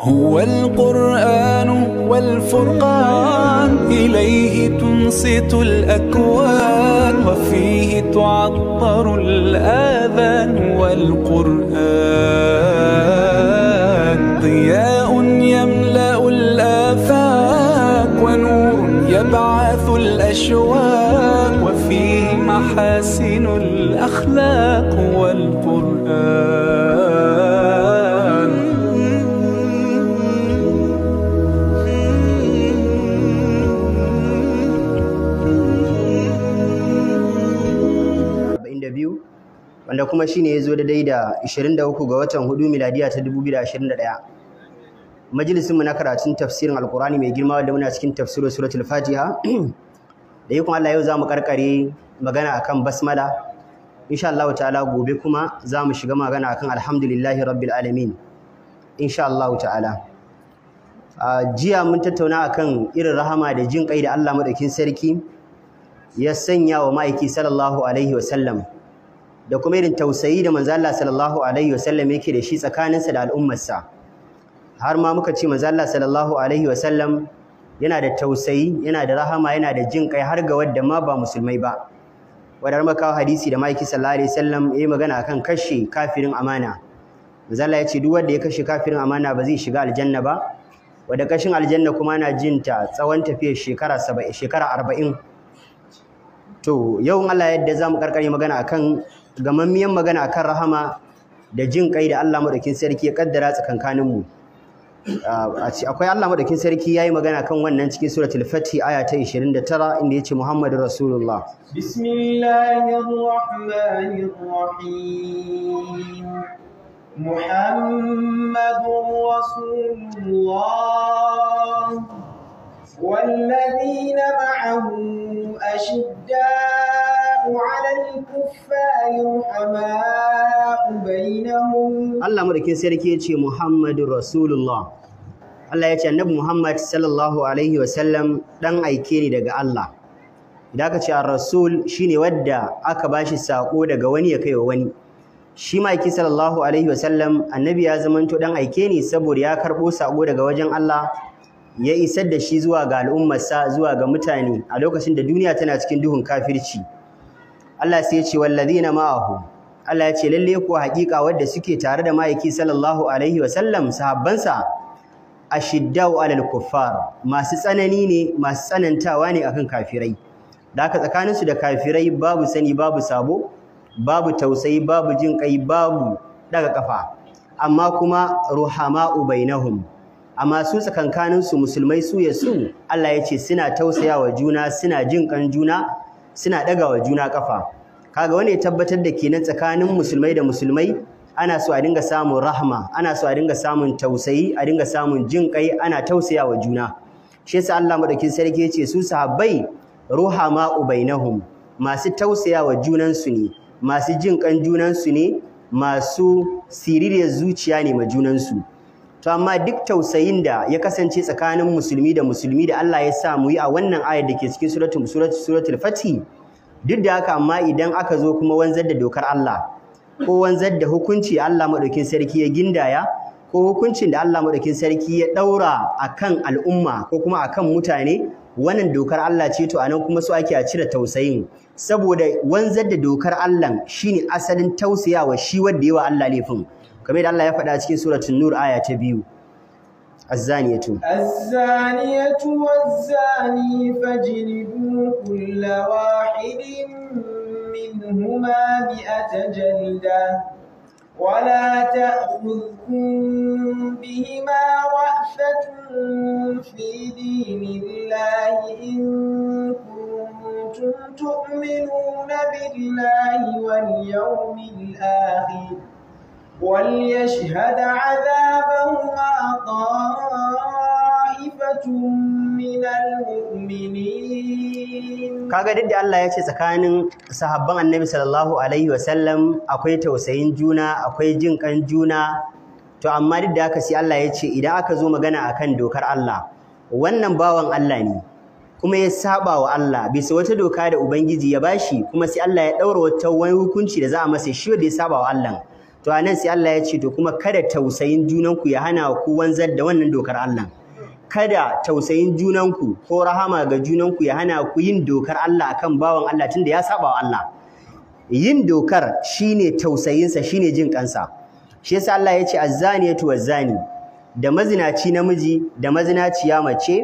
هو القرآن والفرقان إليه تنصت الأكوان وفيه تعطر الآذان والقرآن ضياء يملأ الآفاق ونور يبعث الأشواق وفيه محاسن الأخلاق والقرآن kuma shi ne ya zo daidai da 23 ga watan 4 miladiya ta 2021 majalisinmu na karatun tafsirin alkurani mai girma wanda muna cikin tafsirin suratul fatiha da yi kuma Allah yau za mu karkare magana akan basmala insha Allah ta'ala gobe kuma za mu shiga magana akan alhamdulillahi rabbil alamin insha Allah ta'ala jiya mun tattauna akan irin rahama da jin kai da Allah madaukin sarki ya sanya wa ma'aiki sallallahu alaihi wa sallam da kuma irin tausayi da manzo Allah sallallahu alaihi wasallam yake da shi tsakaninsa da al'ummarsa har ma muka ce manzo Allah sallallahu alaihi wasallam yana da tausayi yana da rahama yana da jin kai har ga wadda ma ba musulmai ba wadar makawa hadisi da maiki sallallahu alaihi wasallam yayi magana akan kashe kafirin amana manzo Allah ya ce duk wanda ya kashe kafirin amana ba zai shiga aljanna ba wadda kashin aljanna kuma jin jinta tsawon tafiyar shekara 70 shekara 40 to yau Allah yadda zamu karkare magana akan gamammiyar magana kan rahama da jin kai da Allah madaukin sarki ya kaddara tsakankanin mu akwai Allah madaukin sarki yayi magana kan wannan cikin suratul fatih aya ta 29 inda yace Muhammadur Rasulullah Bismillahir Muhammadur Rasulullah والذين معه أشداء Allah madaukin sarki ya ce Muhammadu Rasulullah. Allah ya ce annabi Muhammad sallallahu alaihi wasallam dan aike ne daga Allah. Idan aka ce ar-rasul shine wadda aka ba shi sako daga wani ya wa wani. Shi maki sallallahu alaihi wasallam annabi ya zamanto ɗan aike ne saboda ya karɓo sako daga wajen Allah ya isar da shi zuwa ga al'ummarsa zuwa ga mutane a lokacin da duniya tana cikin duhun kafirci. Allah sai ya ce ladina ma'ahu Allah ya ce lalle ko hakika wanda suke tare da ma'aiki sallallahu alaihi wa sallam sahabbansa ashiddau alal kuffar masu tsanani ne masu tsanantawa ne akan kafirai da haka tsakaninsu da kafirai babu sani babu sabo babu tausayi babu jin kai babu daga kafa amma kuma ruhama'u bainahum amma su tsakankaninsu musulmai su ya su Allah ya ce suna tausayawa juna suna jin kan juna suna ɗaga wa juna ƙafa kaga wani tabbatar da kenan tsakanin musulmai da musulmai ana so a dinga samun rahma ana so a dinga samun tausayi a dinga samun jin kai ana tausaya wa juna shi yasa Allah madaukin sarki yace su sahabbai ruhama ubainahum masu tausaya wa junansu ne masu jin kan junansu ne masu siririyar zuciya ne ma junansu to amma duk tausayin da ya kasance tsakanin musulmi da musulmi da Allah ya sa mu yi a wannan ayar da ke cikin suratul suratul suratul fati duk da haka amma idan aka zo kuma wanzar da dokar Allah ko wanzar da hukunci Allah madaukin sarki ya gindaya ko hukuncin da Allah madaukin sarki ya daura akan al'umma ko kuma akan mutane wannan dokar Allah ce to anan kuma su ake a cire tausayin saboda wanzar da dokar Allah shine asalin tausayawa shi wanda yawa Allah laifin kamar yadda Allah ya faɗa cikin suratul nur aya ta biyu azzaniyatu azzaniyatu wazzani fajlibu kull wahidin minhuma mi'ata jalda ولا تأخذكم بهما رأفة في دين الله إن كنتم تؤمنون بالله واليوم الآخر وليشهد عذابهما طائفة من المؤمنين kaga duk Allah ya ce tsakanin sahabban Annabi sallallahu alaihi wasallam akwai tausayin juna akwai jin kan juna to amma duk da haka sai Allah ya ce idan aka zo magana akan dokar Allah wannan bawan Allah ne kuma ya saba wa Allah bisa wata doka da Ubangiji ya bashi kuma sai Allah ya daura wata wani hukunci da za a masa shi da ya saba wa Allah to a nan sai Allah ya ce to kuma kada tausayin junanku ya hana ku wanzar da wannan dokar Allah kada tausayin junanku ko rahama ga junanku ya hana ku yin dokar Allah akan bawan Allah tunda ya saba wa Allah yin dokar shine tausayinsa shine jin kansa shi yasa Allah ya ce azzaniyatu wazzani da mazinaci namiji da mazinaciya mace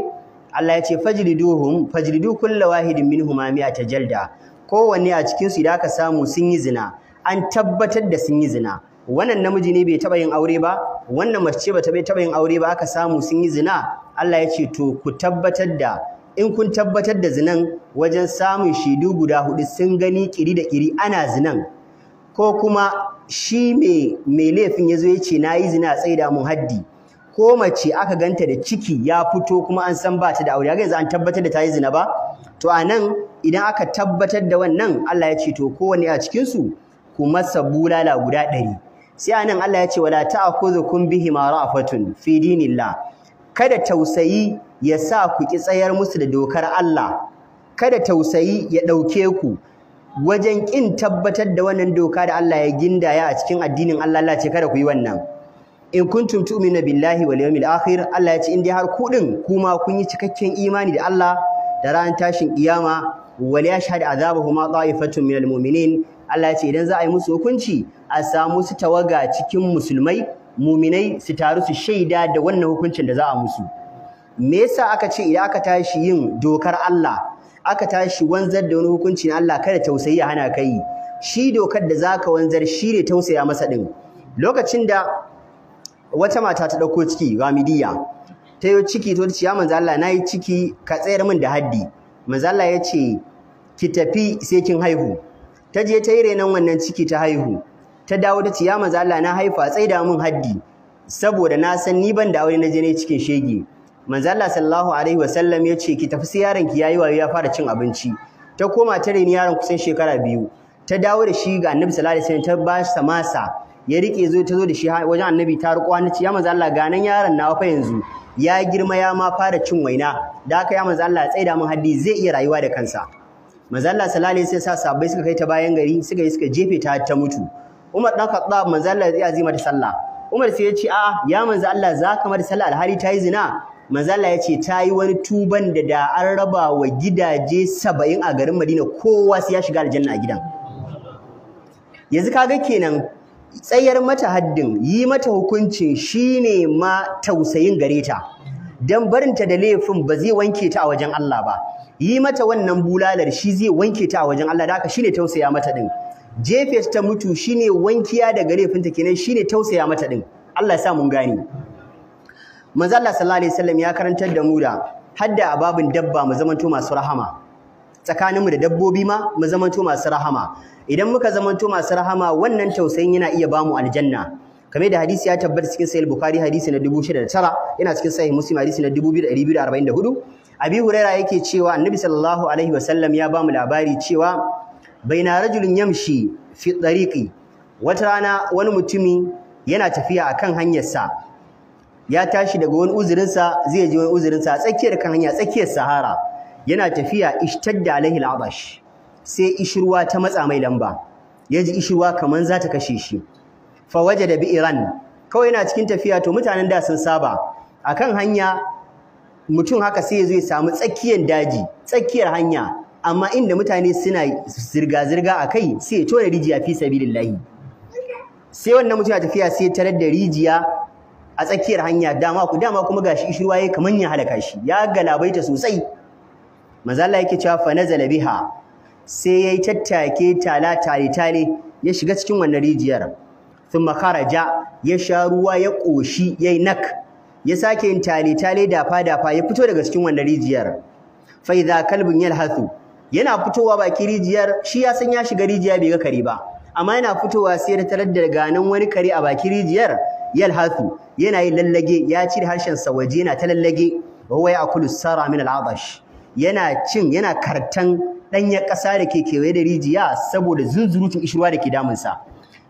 Allah ya ce fajriduhum fajridu kullu wahidin minhuma mi'ata jalda kowanne a cikin su idan aka samu sun yi zina an tabbatar da sun yi zina wannan namiji ne bai taɓa yin aure ba wannan mace ce ta bai taɓa yin aure ba aka samu sun yi zina Allah ya ce to ku tabbatar da in kun tabbatar da zinan wajen samun shaidu guda hudu sun gani kiri da kiri ana zinan ko kuma shi mai laifin ya zo ya ce na yi zina tsaida mun haddi ko mace aka ganta da ciki ya fito kuma an san ba ta da aure ga yanzu an tabbatar da ta yi zina ba to a nan idan aka tabbatar da wannan Allah ya ce to kowanne a cikinsu ku masa bulala guda ɗari sai anan Allah ya ce wala ta'khudhukum ma ra'fatun fi dinillah kada tausayi ya sa ku ki tsayar musu da dokar Allah kada tausayi ya dauke ku wajen kin tabbatar da wannan doka da Allah ya gindaya a cikin addinin Allah Allah ce kada ku yi wannan in kuntum tu'minu billahi wal yawmil akhir Allah ya ce in dai har ku din kuma kun yi cikakken imani da Allah da ran tashin kiyama wal yashhad azabuhuma ta'ifatun minal mu'minin Allah ya ce idan za a yi musu hukunci a samu su tawaga cikin musulmai muminai su taru su shaida da wannan hukuncin da za a musu me yasa aka ce idan aka tashi yin dokar Allah aka tashi wanzar da wani hukunci na Allah kada tausayi ya hana kai shi dokar da zaka wanzar shi ne tausaya masa din lokacin da wata mata ta dauko ciki Ramidiyya ta yi ciki to ta ce ya manzo Allah nayi ciki ka tsayar min da haddi manzo Allah ya ce ki tafi sai kin haihu ta je ta yi renon wannan ciki ta haihu ta dawo ta ce ya Allah na haifa tsai da mun haddi saboda na san ni ban da aure na je ne cikin shege manzo Allah sallallahu alaihi wasallam ya ce ki tafi sai yaron ki yayi wayo ya fara cin abinci ta koma ta reni yaron kusan shekara biyu ta dawo da shi ga Annabi sallallahu alaihi wasallam ta ba shi masa ya rike zo ta zo da shi wajen Annabi ta rukuwa na ce ya manzo Allah ga nan yaron nawa fa yanzu ya girma ya ma fara cin waina da haka ya manzo Allah da mun haddi zai iya rayuwa da kansa manzo Allah sallallahu alaihi wasallam sai sa sabai suka kai ta bayan gari suka yi suka jefe ta ta mutu Umar dan Khattab manzo Allah ya azima da sallah Umar sai ya ce a ya manzo Allah za ka mata sallah alhari ta yi zina manzo Allah ya ce ta yi wani tuban da da an raba wa gidaje saba'in a garin Madina kowa sai ya shiga aljanna a gidan yanzu kaga kenan tsayar mata haddin yi mata hukuncin shine ma tausayin gare ta dan barinta da laifin ba zai wanke ta a wajen Allah ba yi mata wannan bulalar shi zai wanke ta a wajen Allah da haka shine tausaya mata din jefe ta mutu shine wankiya daga laifinta kenan shine tausaya mata din Allah ya sa mun gani. manzo Allah sallallahu alaihi wasallam ya karantar da mu da hadda ababin dabba mu zamanto masu rahama tsakaninmu da dabbobi ma mu zamanto masu rahama idan muka zamanto masu rahama wannan tausayin yana iya bamu aljanna kamar da hadisi ya tabbata cikin sahih bukhari hadisi na 6009 yana cikin sahih muslim hadisi na 2244 abi huraira yake cewa annabi sallallahu alaihi wasallam ya bamu labari cewa baina rajulin yamshi fi wata rana wani mutumi yana tafiya a kan hanyarsa ya tashi daga wani uzurinsa zai je wani uzurinsa a tsakiyar kan hanya tsakiyar sahara yana tafiya ishtadda alaihi al'abash sai ishirwa ta matsa mai lamba ya ji ishirwa kamar za ta kashe shi fa da bi iran kawai yana cikin tafiya to mutanen da sun saba A kan hanya mutum haka sai ya zo samu tsakiyar daji tsakiyar hanya amma inda mutane suna zirga-zirga a kai sai ya tona rijiya fi sabilillahi sai wannan mutum ya tafiya sai ya tarar da rijiya a tsakiyar hanya dama ku dama kuma gashi ishirwa yayi kamar ya halaka shi ya galabaita sosai manzo Allah yake cewa fa nazala biha sai yayi tattake tala tale tale ya shiga cikin wannan rijiyar thumma kharaja ya sha ruwa ya koshi yayi nak ya sake yin tale tale dafa dafa ya fito daga cikin wannan rijiyar fa kalbin kalbun yalhathu yana fitowa baki rijiyar shi ya san ya shiga rijiya bai ga kare ba amma yana fitowa sai da tarar da ganin wani kare a baki rijiyar hasu yana yin lallage ya ci da harshen sa waje yana ta lallage wa huwa Kulu, sara min al'adash yana cin yana kartan danya ƙasa da ke kewaye da rijiya saboda zunzurutun ishirwa da ke damunsa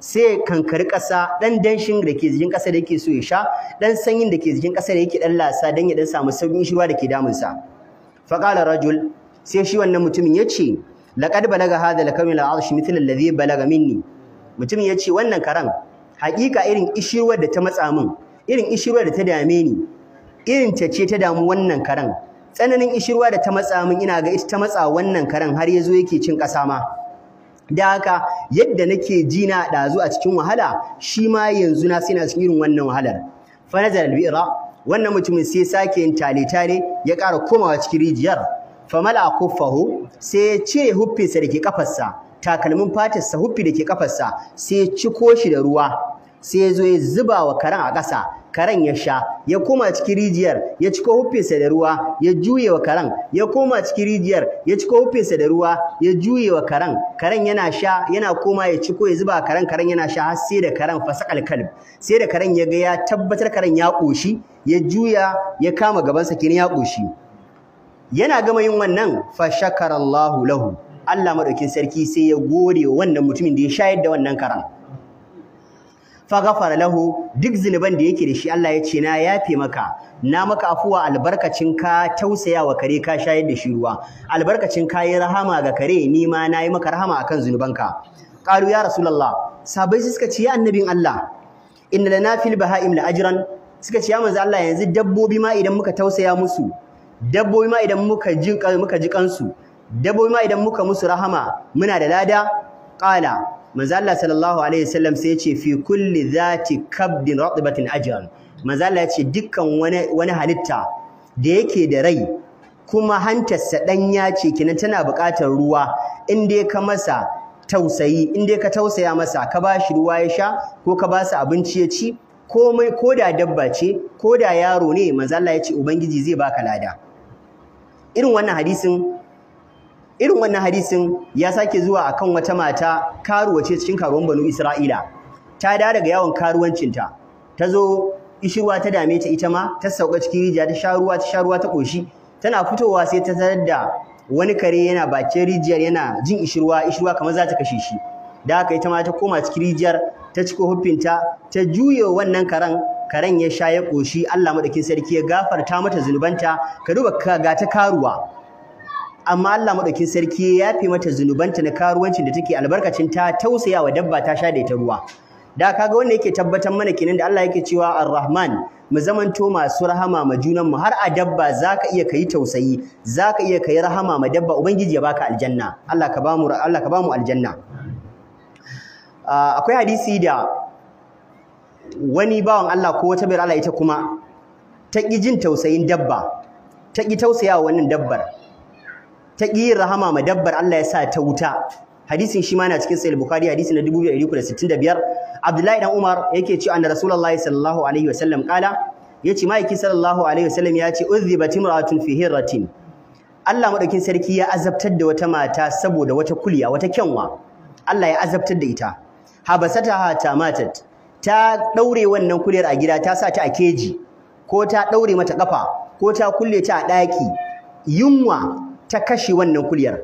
sai kankari kasa ɗan danshin da ke jikin ƙasa da yake so ya sha ɗan sanyin da ke jikin ƙasa da yake dan lasa dan ya dan samu saukin ishirwa da ke damunsa faƙalar rajul sai shi wannan mutumin ya ce laƙad balaga hadha lakamil arsh da zai balaga minni mutumin ya ce wannan karan hakika irin ishirwar da ta matsa min irin ishirwar da ta dame ni irin ta ce ta damu wannan karan tsananin ishirwa da ta matsa min ina ga ita ta matsa wannan karan har ya zo yake cin ƙasa ma da haka yadda nake ji na ɗazu a cikin wahala shi ma yanzu na sai na cikin irin wannan wahalar fa nazar albira wannan mutumin sai sake yin tale tale ya ƙara komawa cikin rijiyar famala kuffahu sai ya cire huffinsa da ke kafarsa takalmin fatarsa huffi da ke kafarsa sai ya ciko shi da ruwa sai ya zo ya zuba wa karen a ƙasa karen ya sha ya koma cikin rijiyar ya ciko huffinsa da ruwa ya juye wa karen ya koma cikin rijiyar ya ciko huffinsa da ruwa ya juye wa karen karen yana sha yana koma ya ciko ya zuba karen karen yana sha har sai da karen fasakal kalb sai da karen ya ga ya tabbatar karen ya ƙoshi ya juya ya kama gabansa kenan ya ƙoshi yana gama yin wannan fa lahu Allah madaukin sarki sai ya gode wa wannan mutumin da ya shayar da wannan karan fa ghafara lahu duk zinuban da yake da shi Allah ya ce na yafe maka na maka afuwa albarkacin ka tausaya wa kare ka shayar da shi ruwa albarkacin ka yi rahama ga kare ni ma na yi maka rahama akan zinubanka qalu ya rasulullah sabai suka ce ya annabin Allah inna lana fil bahaim la ajran suka ce ya manzo Allah yanzu dabbobi ma idan muka tausaya musu dabbobi ma idan muka ji muka ji kansu dabbobi ma idan muka musu rahama muna da lada qala manzo Allah sallallahu alaihi wasallam sai ya ce fi kulli zati kabdin ratibatin ajran manzo Allah ya dukkan wani wani halitta da yake da rai kuma hantarsa ɗanya ce kenan tana buƙatar ruwa in dai ka masa tausayi in dai ka tausaya masa ka ba shi ruwa ya sha ko ka ba sa abinci ya ci komai ko da dabba ce ko da yaro ne manzo Allah ya ubangiji zai baka lada irin wannan hadisin irin wannan hadisin ya sake zuwa akan wata mata karuwa ce cikin karuwan banu Isra'ila ta da daga yawon karuwancinta ta zo ishirwa ta dame ta ita ma ta sauka cikin rijiya ta sha ta sha ta koshi tana fitowa sai ta tarar da wani kare yana bakin rijiyar yana jin ishirwa ishirwa kamar za ta kashe shi da haka ita ma ta koma cikin rijiyar ta ciko huffinta ta juye wannan karen karen ya sha ya koshi Allah madaukin sarki ya gafarta mata zunubanta ka duba ka ga ta karuwa amma Allah madaukin sarki ya yafe mata zunubanta na karuwancin da take albarkacin ta tausaya wa dabba ta sha da ita ruwa da kaga wanda yake tabbatar mana kenan da Allah yake cewa Ar-Rahman mu zamanto masu rahama ma junan mu har a dabba zaka iya kai tausayi zaka iya kai rahama ma dabba ubangiji ya baka aljanna Allah ka bamu Allah ka bamu aljanna ah, akwai hadisi da wani bawan Allah ko wata bayar Allah ita kuma ta ƙi jin tausayin dabba ta ƙi tausayawa wannan dabbar ta ƙi yin rahama ma dabbar Allah ya sa ta wuta hadisin shi ma cikin sahih bukhari hadisi na 2365 abdullahi dan umar yake cewa anna rasulullahi sallallahu alaihi wasallam kala yace maiki sallallahu alaihi wasallam ya ce uzzibat imra'atun fi hirratin Allah madaukin sarki ya azabtar da wata mata saboda wata kulya wata kyanwa Allah ya azabtar da ita habasataha tamatat ta ɗaure wannan kuliyar a gida ta sa ta a keji ko ta ɗaure mata ƙafa ko ta kulle ta a ɗaki yunwa ta kashe wannan kuliyar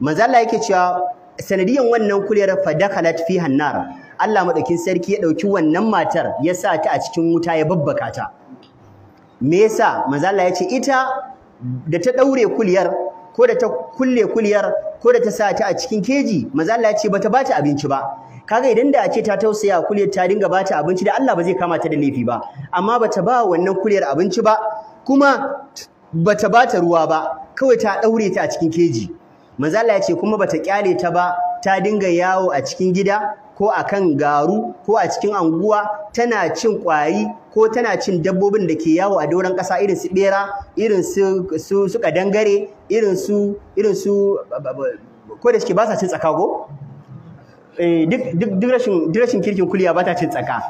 manzo Allah yake cewa sanadiyan wannan kuliyar fa dakhalat fi hannar Allah madaukin sarki ya ɗauki wannan matar ya sa ta a cikin wuta ya babbaka ta me yasa manzo Allah ya ce ita da ta daure kuliyar ko da ta kulle kuliyar ko da ta sa ta a cikin keji manzo Allah ya ce bata bata abinci ba kaga idan da ake ta tausaya kuliyar ta dinga bata abinci da Allah ba zai kamata da laifi ba amma bata ba wannan kuliyar abinci ba kuma bata bata ruwa ba kawai ta daure ta a cikin keji manzo Allah ya ce kuma bata kyale ta ba ta dinga yawo a cikin gida ko a kan garu ko a cikin anguwa tana cin ƙwari ko tana cin dabbobin da ke yawo a doron ƙasa irin su ɓera irin su su kadangare irin su irin su ko da suke ba sa cin tsakago Eh, duk rashin kirkin kuliya ba ta cin tsaka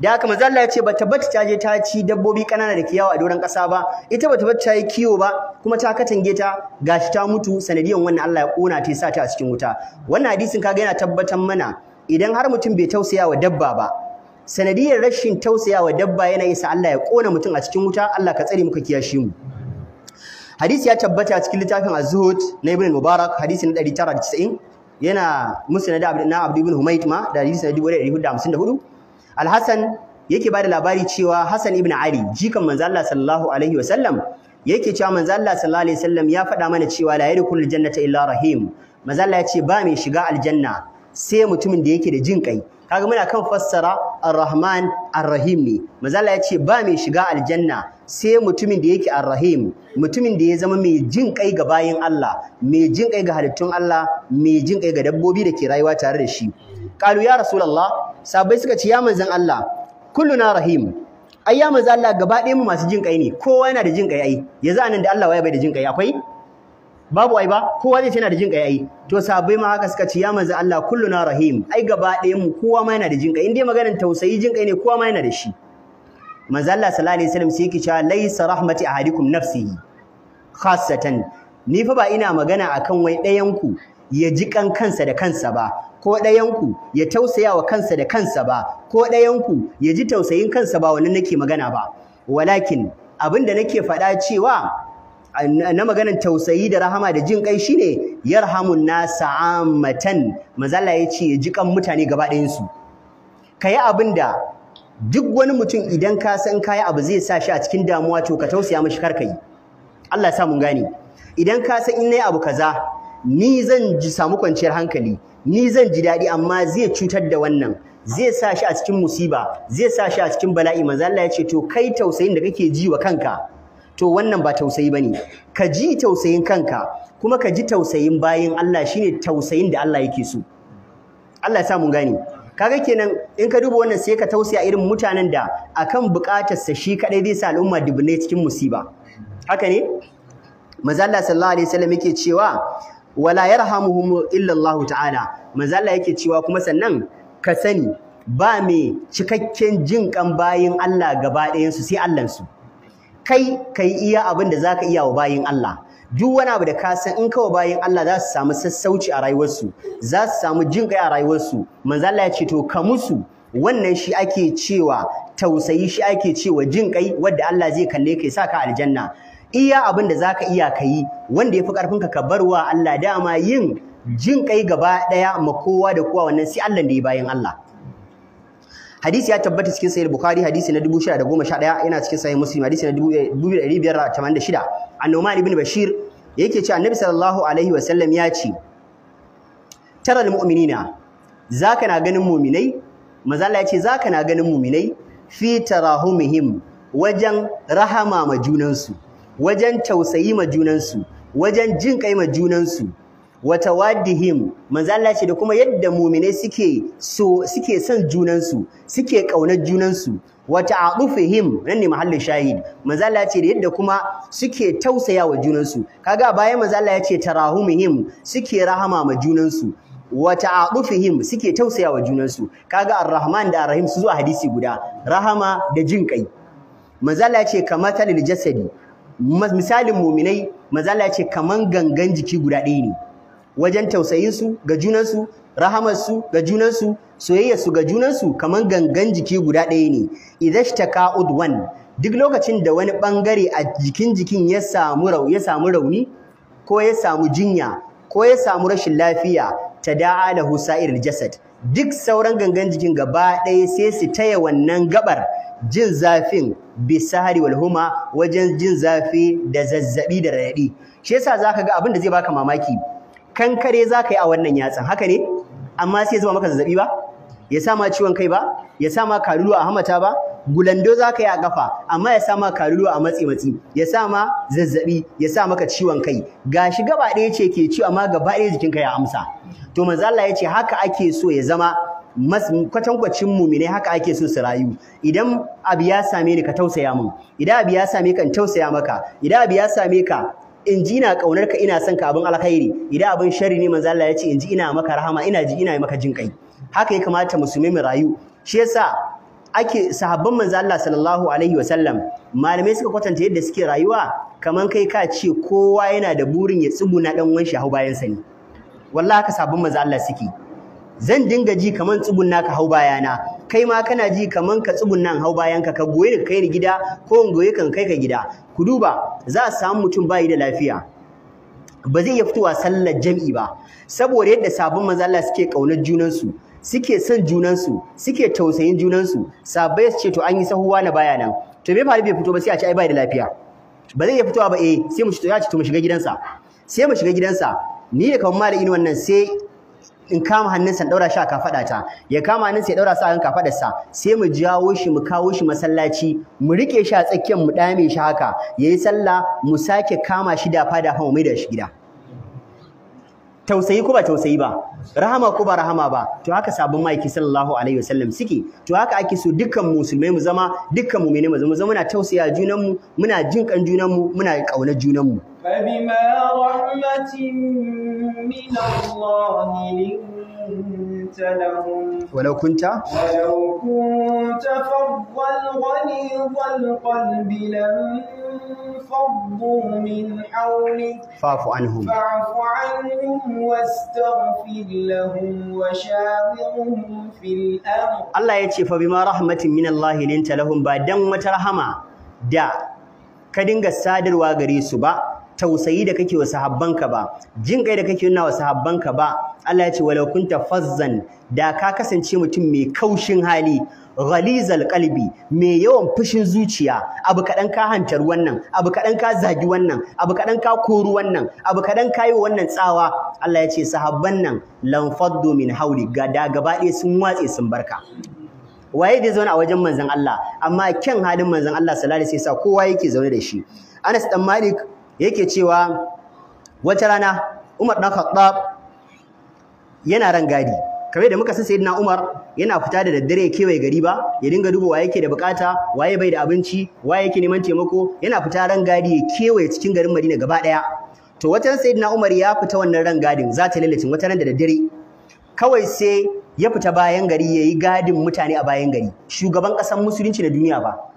da haka manzo ya ce bata tabbata ta je ta ci dabbobi kanana da kiyawa a doron ƙasa ba ita bata tabbata ta yi kiwo ba kuma ta katange ta Ga shi ta mutu sanadiyan wannan Allah ya kona ta sa ta a cikin wuta wannan hadisin kaga yana tabbatar mana idan har mutum bai tausaya wa dabba ba sanadiyar rashin tausaya wa dabba yana isa Allah ya kona mutum a cikin wuta Allah ka tsare muka kiyashe mu hadisi ya tabbata a cikin littafin az-zuhud na ibn mubarak hadisi na 990 yana da na abu ibn humait ma da hadisi na 1454 hudu alhassan yake da labari cewa Hassan ibn Ali jikan manzo sallallahu alaihi wasallam yake cewa manzo Allah sallallahu alaihi wasallam ya faɗa mana cewa la kullu jannata illa rahim manzo Allah ya ce ba mai shiga aljanna sai mutumin da yake da jin kai kaga muna kan fassara ar arrahim ne manzo ya ce ba mai shiga aljanna sai mutumin da yake arrahim mutumin da ya zama mai jin kai ga bayin Allah mai jin kai ga halittun Allah mai jin kai ga dabbobi da ke rayuwa tare da shi qalu ya rasulullah sabai suka ce ya manzon Allah kulluna rahim ai ya manzon Allah gaba ɗaya mu masu jin kai ne kowa yana da jin kai ai yanzu anan da Allah waye bai da jin kai akwai babu ai ba kowa zai yana da jin kai ai to sabai ma haka suka ce ya manzon Allah kulluna rahim ai gaba ɗaya mu kowa ma yana da jin kai in dai maganar tausayi jin kai ne kowa ma yana da shi Mazalla sallallahu alaihi wasallam sai yake cewa laysa rahmati ahadikum nafsihi khassatan ni fa ba ina magana akan wai ɗayanku ya ji kan kansa da kansa ba ko ɗayan ku ya tausaya wa kansa da kansa ba ko ɗayanku ya ji tausayin kansa ba wannan nake magana ba walakin abin da nake faɗa cewa na maganar tausayi da rahama da jin kai shine yarhamun nasa ammatan manzo yace ya ya ji kan mutane gaba ɗayan su kayi abin da duk wani mutum idan ka san kayi abu zai sa shi a cikin damuwa to ka tausaya mishi kar ka yi Allah ya sa mun gane idan ka san in nayi abu kaza ni zan ji samu kwanciyar hankali ni zan ji daɗi amma zai cutar da wannan zai sa shi a cikin musiba zai sa shi a cikin bala'i manzo Allah ya ce to kai tausayin da kake ji wa kanka to wannan ba tausayi bane ka ji tausayin kanka kuma ka ji tausayin bayin Allah shine tausayin da Allah yake so Allah ya sa mun gane kaga kenan in ka duba wannan sai ka tausaya irin mutanen da akan sa shi kadai zai sa al'umma dubne cikin musiba haka ne manzo Allah sallallahu alaihi wasallam yake cewa wala yarhamuhum illa Allah ta'ala manzo Allah yake cewa kuma sannan ka sani ba me cikakken jin kan bayin Allah gaba ɗayan su sai Allah su kai kai iya abin da zaka iya wa bayin Allah duk wani abu da ka san in kawai bayan Allah za su samu sassauci a rayuwarsu za su samu jin kai a rayuwarsu manzo Allah ya ce to ka musu wannan shi ake cewa tausayi shi ake cewa jin kai wanda Allah zai kalle ka sa ka aljanna iya abin da zaka iya kai wanda yafi karfin ka barwa Allah dama yin jin kai gaba daya ma kowa da kowa wannan sai Allah ne bayan Allah hadisi ya tabbata cikin sahih bukhari hadisi na 1611 yana cikin sahih muslim hadisi na 2586 annuman ibn bashir yake cewa annabi sallallahu alaihi wasallam ya ce taral mu'minina zaka na ganin mu'minai manzo Allah ya ce zaka na ganin mu'minai fi tarahumihim wajen rahama ma junansu wajen tausayi ma junansu wajen jin kai ma junansu wata tawaddihim manzo Allah ce da kuma yadda mu'minai suke so suke son junansu suke kaunar junansu wata ta'atufihim nan ne mahallin shahid manzo Allah ce da yadda kuma suke tausayawa wa junansu kaga bayan manzo Allah ya ce tarahumihim suke rahama ma junansu wata ta'atufihim suke tausayawa wa junansu kaga arrahman da arrahim su zuwa hadisi guda rahama da jin kai manzo Allah ce kamatalil jasadi misalin mu'minai manzo Allah ce kaman gangan jiki guda ɗaya ne wajen tausayinsu ga junansu rahamarsu ga junansu soyayyarsu ga junansu kamar gangan jiki guda ɗaya ne idhashtaka udwan duk lokacin da wani bangare a jikin jikin ya samu rau ya samu rauni ko ya samu jinya ko ya samu rashin lafiya ta tada'a lahu sa'iril jasad duk sauran gangan jikin gaba ɗaya sai su taya wannan gabar jin zafin bisahari wal huma wajen jin zafi da zazzabi da raɗaɗi. shi yasa zaka ga abin da zai baka mamaki kankare za ka yi a wannan yatsan haka ne amma sai zama maka zazzabi ba ya sa ma ciwon kai ba ya sa ma karulu a hamata ba gulando za ka yi a kafa amma ya sa ma karulu a matsi matsi ya sa ma zazzabi ya sa maka ciwon kai Ga shi gaba ɗaya ce ke ciwo amma gaba ɗaya jikinka ya amsa to manzo Allah ya ce haka ake so ya zama kwatankwacin mumine haka ake so su rayu idan abu ya same ni ka tausaya min idan abu ya same ka tausaya maka idan abu ya same ka in ji ina kaunar ina son ka abin alkhairi idan abin shari ne manzo Allah ya ce in ji ina maka rahama ina ji ina maka jin kai haka ya kamata musulmi mu rayu shi yasa ake sahabban manzo Allah sallallahu alaihi sallam malamai suka kwatanta yadda suke rayuwa kaman kai ka ce kowa yana da burin ya tsuguna dan wanshi hau bayan sani wallahi haka sahabban manzo Allah suke zan dinga ji kaman tsugunna ka hau bayana kai ma kana ji kaman ka nan hau bayanka ka goye ni kai ni gida ko in goye kan kai ka gida ku duba za a samu mutum bayi da lafiya ba zai iya fitowa sallar jami'i ba saboda yadda sabon manzo Allah suke kaunar junansu suke son junansu suke tausayin junansu sabai su ce to an yi sahuwa na baya nan to me faru bai fito ba sai a ce ai bai da lafiya ba zai iya fitowa ba eh sai mu ce to ya ce to mu shiga gidansa sai mu shiga gidansa ni da kamar malamin wannan sai in kama hannunsa daura shi a kafada ta ya kama hannunsa ya daura sa a kafadar sa sai mu jawo shi mu kawo shi masallaci mu rike shi a tsakiyar mu dame shi haka yayi sallah mu sake kama shi da fada hawa mai da shi gida tausayi ku ba tausayi ba rahama ku ba rahama ba to haka sabon maiki sallallahu alaihi wasallam suke to haka ake so dukkan musulmai mu zama dukkan mu'mini mu zama muna tausaya junan mu muna jin kan junan mu muna kauna junan mu fabima rahmatin min Allah linta lahum walau kunta walau kunta fadhlan انفضوا من حولك فاعف عنهم فاعف عنهم واستغفر لهم وشاورهم في الأمر الله يتشي فبما رحمة من الله لنت لهم ما ترحمه دا كدنغ السادر واغري سبا tausayi da kake wa sahabbanka ba jin kai da kake nuna wa sahabbanka ba Allah ya ce walau kunta fazzan da ka kasance mutum mai kaushin hali ghalizal qalbi mai yawan fushin zuciya abu kadan ka hantar wannan abu kadan ka zagi wannan abu kadan ka koru wannan abu kadan ka yi wannan tsawa Allah ya ce sahabban nan lan faddu min hauli ga da gaba sun watse sun barka waye da zauna a wajen manzon Allah amma kyan halin manzon Allah sallallahu alaihi wasallam kowa yake zaune da shi Anas dan Malik yake cewa wata rana Umar dan Khattab yana ran gadi. kamar da muka san sayyidina Umar yana fita da daddare kewaye gari ba ya dinga duba wa yake da bukata waye bai da abinci waye yake neman taimako yana fita rangadi ya kewaye cikin garin Madina gaba daya to wata ran sayyidina Umar ya fita wannan rangadin za ta lalace wata ran da daddare kawai sai ya fita bayan gari yayi gadin mutane a bayan gari shugaban kasar musulunci na duniya ba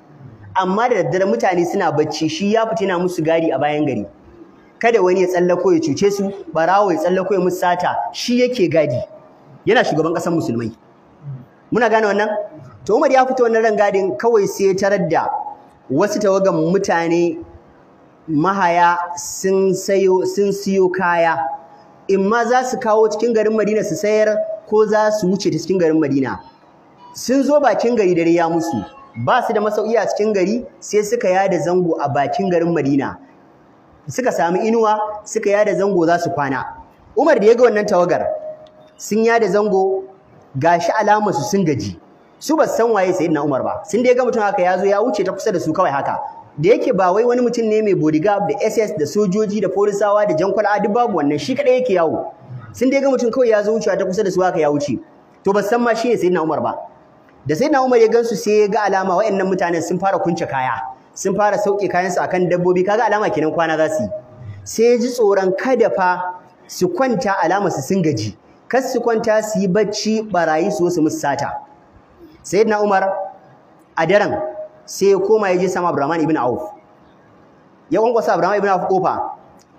amma da daddare mutane suna bacci shi ya fita yana musu gari a bayan gari kada wani ya tsallako ya cuce su barawo ya tsallako ya musu sata shi yake gadi yana shugaban ƙasar musulmai muna gane wannan to Umar ya fita wannan gadin kawai sai ya tarar da wasu tawagan mutane mahaya sun sayo sun siyo kaya in ma za su kawo cikin garin Madina su sayar ko za su wuce ta cikin garin Madina sun zo bakin gari dare ya musu ba su da masauki a cikin gari sai suka yada zango a bakin garin Madina suka sami inuwa suka yada zango za su kwana Umar da ya ga wannan tawagar sun yada zango gashi alama su sun gaji su ba san waye sayyidina Umar ba sun dai ga mutum haka ya zo ya wuce ta kusa da su kawai haka da yake ba wai wani mutum ne mai bodyguard da SS da sojoji da polisawa da jankwala duk babu wannan shi kadai yake yawo sun dai ga mutum kawai ya zo wucewa ta kusa da su haka ya wuce to ba san ma shi ne sayyidina Umar ba da sai na Umar ya gansu sai ya ga alama waɗannan mutanen sun fara kunce kaya sun fara sauke kayansu akan dabbobi kaga alama kenan kwana za su yi sai ya ji tsoron kada fa su kwanta alama su sun gaji kas su kwanta su yi bacci barayi su su musu sata sayyidina Umar a daren sai ya koma ya je sama Abdurrahman ibn Auf ya kwankwasa Abdurrahman ibn Auf kofa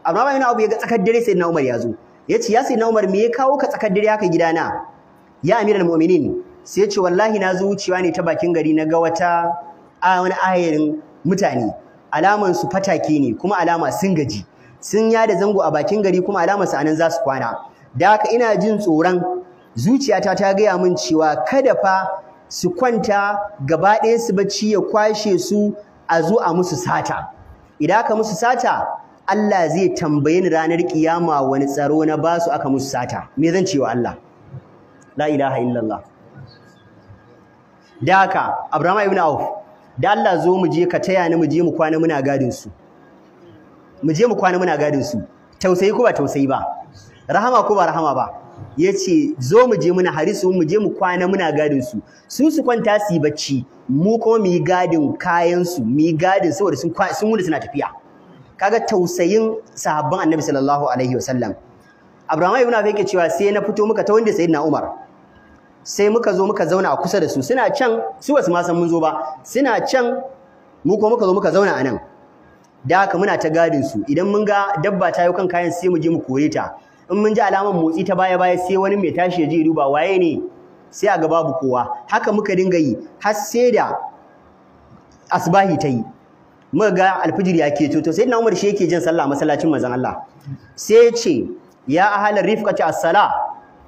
Abdurrahman ibn Auf ya ga tsakar dare sayyidina Umar ya zo ya ce ya sayyidina Umar me ya kawo ka tsakar dare haka gidana ya amiral mu'minin sai ya ce wallahi na zuciwa ne ta bakin gari na ga wata a wani ayarin mutane alaman su fatake ne kuma alama sun gaji sun yada zango a bakin gari kuma alamar su anan za su kwana da haka ina jin tsoron zuciyata ta gaya min cewa kada fa su kwanta gaba ɗaya su bacci ya kwashe su a zo a musu sata idan aka musu sata Allah zai tambaye ni ranar kiyama wani tsaro na basu aka musu sata me zan ce wa Allah la ilaha illallah da haka Abraham ibn Auf da Allah zo mu je ka taya ni mu je mu kwana muna gadin su mu je mu kwana muna gadin su tausayi ko ba tausayi ba rahama ko ba rahama ba yace zo mu je muna harisu mu je mu kwana muna gadin su su su kwanta su yi bacci mu kuma mu yi gadin kayan su mu yi gadin saboda sun sun wuce suna tafiya kaga tausayin sahabban Annabi sallallahu alaihi wasallam abrahama ibn auf yake cewa sai na fito muka ta wanda Sayyidina Umar sai muka zo muka zauna a kusa da su suna can su wasu ma san mun zo ba suna can mu ko muka zo muka zauna a nan da haka muna ta gadin su idan mun ga dabba ta yi kan kayan sai mu je mu kore ta in mun ji alamar motsi ta baya baya sai wani mai tashi ya je duba waye ne sai a ga babu kowa haka muka dinga yi har sai da asbahi ta yi muka ga alfijir ya keto to sai na Umar shi yake jin sallah masallacin manzon Allah sai ya ce ya ahalar rifqati as-sala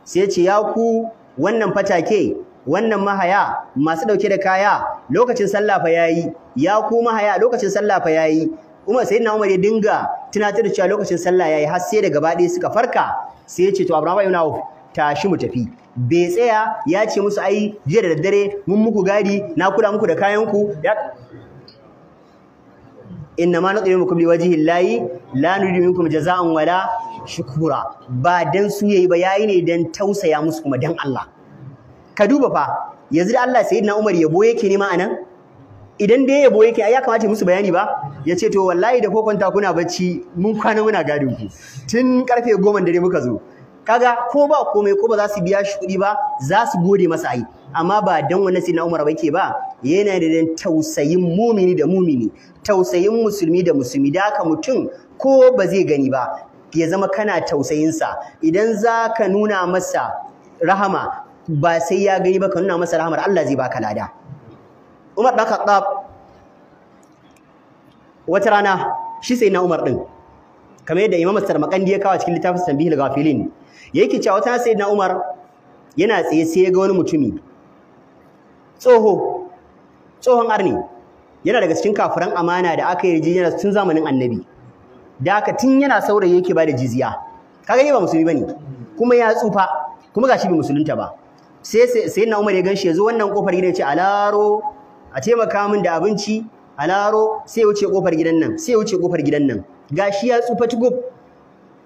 sai ya ce ya ku wannan fatake wannan mahaya masu dauke da kaya lokacin sallah fa yayi ya ku mahaya lokacin sallah fa yayi Umar sayyidina Umar ya dinga tunatar da cewa lokacin sallah yayi har sai da gaba suka farka sai ya ce to Abraham ibn Auf tashi mu tafi bai tsaya ya ce musu ai jiya da daddare mun muku gadi na kula muku da kayan ku inna ma nut'imukum liwajhi llahi la nuridu minkum jaza'an wala shukura ba dan su yayi ba yayi ne dan tausaya musu kuma dan Allah ka duba fa yanzu da Allah sayyidina Umar yabo yake ma anan idan da yabo yake ya kamata musu bayani ba ya ce to wallahi da kokonta kuna bacci mun kwana muna gadin ku tun karfe 10 dare muka zo kaga ko ba komai ko ba za su biya shi ba za su gode masa ai amma ba dan wannan sayyidina Umar ba ke ba yana da tausayin mumini da mumini tausayin musulmi da musulmi da haka mutum ko ba zai gani ba ya zama kana tausayinsa idan za ka nuna masa rahama ba sai ya gani ba ka nuna masa rahama Allah zai baka lada Umar ɗan Khattab wata rana shi sai na Umar ɗin kamar yadda Imam Sarmakandi ya kawo cikin littafin Tanbihul Ghafilin yake cewa wata sai na Umar yana tsaye sai ya ga wani mutumi tsoho tsohon arni yana daga cikin kafiran amana da aka yi rijiyar tun zamanin annabi da aka tun yana saurayi yake ba da jizya kaga ba musulmi bane kuma ya tsufa kuma gashi bai musulunta ba sai sai na Umar ya ganshi wannan kofar gidan ce alaro a taimaka min da abinci alaro sai wuce kofar gidan nan sai wuce kofar gidan nan gashi ya tsufa tugub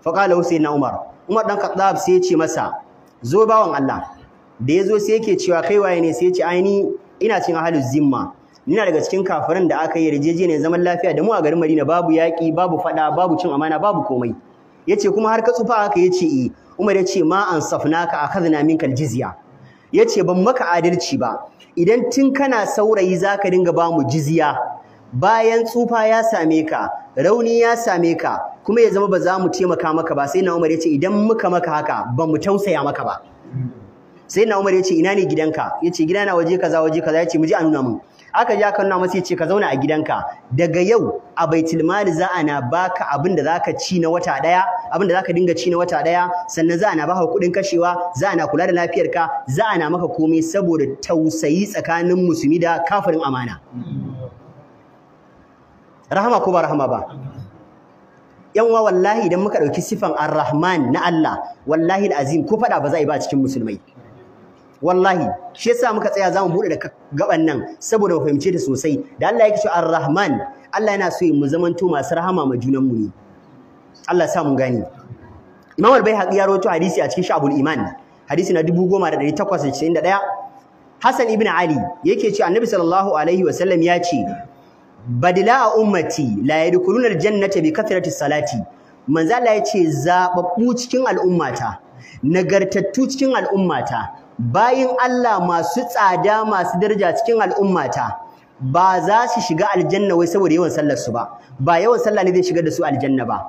fa qala na Umar Umar dan Khattab sai ya ce masa zo bawan Allah da ya zo sai yake cewa kai waye ne sai ya ce aini ina cin ahalu zimma nina daga cikin kafirin da aka yi yarjejeniyar zaman lafiya da mu a garin Madina babu yaki, babu fada babu cin amana babu komai yace kuma har ka tsufa haka yace eh. Umar Umar yace ma ansafnaka akhadna kaljiziya. jizya yace ban maka adalci ba idan tun kana saurayi zaka dinga ba mu jizya bayan tsufa ya same ka rauni ya same ka kuma ya zama ba za mu taimaka maka ba sai na Umar yace idan muka maka haka ba mu tausaya maka ba sai na Umar ya ina ne gidanka ya ce na waje kaza waje kaza ya ce mu a nuna mun aka ji aka nuna masa ya ce ka zauna a gidanka daga yau a baitul mal za a na baka abin da zaka ci na wata daya abin da zaka dinga ci na wata daya sannan za a na baka kuɗin kashewa za a na kula da lafiyarka za a na maka komai saboda tausayi tsakanin musulmi da kafirin amana rahama ko ba rahama ba yan wa wallahi idan muka dauki sifan ar-rahman na Allah wallahi al-azim ko fada ba za a yi ba cikin musulmai wallahi shi yasa muka tsaya zamu bude da gaban nan saboda mu fahimce ta sosai da Allah yake cewa Ar-Rahman Allah yana so mu zamanto masu rahama ma junan mu ne Allah ya sa mu gani Imam Al-Baihaqi ya rawaito hadisi a cikin Shahabul Iman hadisi na 10891 Hassan ibn Ali yake cewa Annabi sallallahu alaihi sallam ya ce badila ummati la yadkhuluna al-jannata bi kathrati salati manzo Allah ya ce zababbu cikin al'ummata nagartattu cikin al'ummata bayin Allah masu tsada masu daraja cikin al'umma ta ba za su shiga aljanna wai saboda yawan sallar su ba ba yawan sallah ne zai shiga da su aljanna ba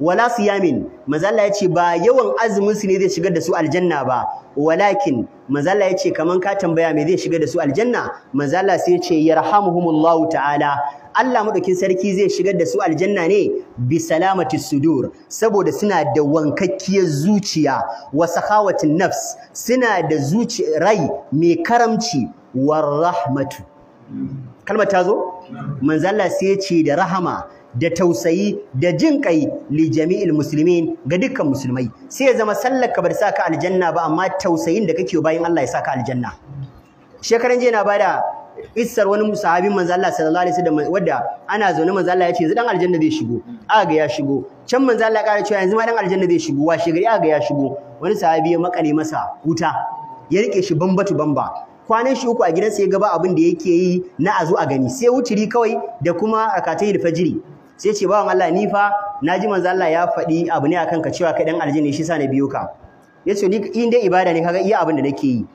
wala siyamin mazalla yace ba yawan azumin su ne zai shiga da su aljanna ba walakin mazalla yace kaman ka tambaya me zai shiga da su aljanna mazalla sai yace yarhamuhumullahu ta'ala Allah madaukin sarki zai shigar da su aljanna ne bi salamati sudur saboda suna da wankakkiyar zuciya wa sakhawatin nafs suna da zuci rai mai karamci war rahmatu kalmar ta zo manzo Allah sai ya ce da rahama da tausayi da jin kai li jami'il muslimin ga dukkan musulmai sai ya zama sallar ka bar saka aljanna ba amma tausayin da kake bayan Allah ya saka aljanna shekaran jiya na bada Isar wani musahabin manzo Allah sallallahu alaihi wasallam wanda ana zaune manzo Allah ya ce dan aljanna zai shigo aka ga ya shigo can manzo Allah ya cewa yanzu ma dan aljanna zai shigo washe gari aka ga ya shigo wani sahabi ya makale masa wuta ya rike shi bambatu bamba kwanan shi uku a gidan gidansa ya gaba abin da yake yi na azu a gani sai wuturi kawai da kuma rakatai da fajiri sai ce bawan Allah ni fa naji manzo Allah ya fadi abu ne akan ka cewa kai dan aljanna shi sa na biyo ka yace ni in dai ibada ne kaga iya abin da nake yi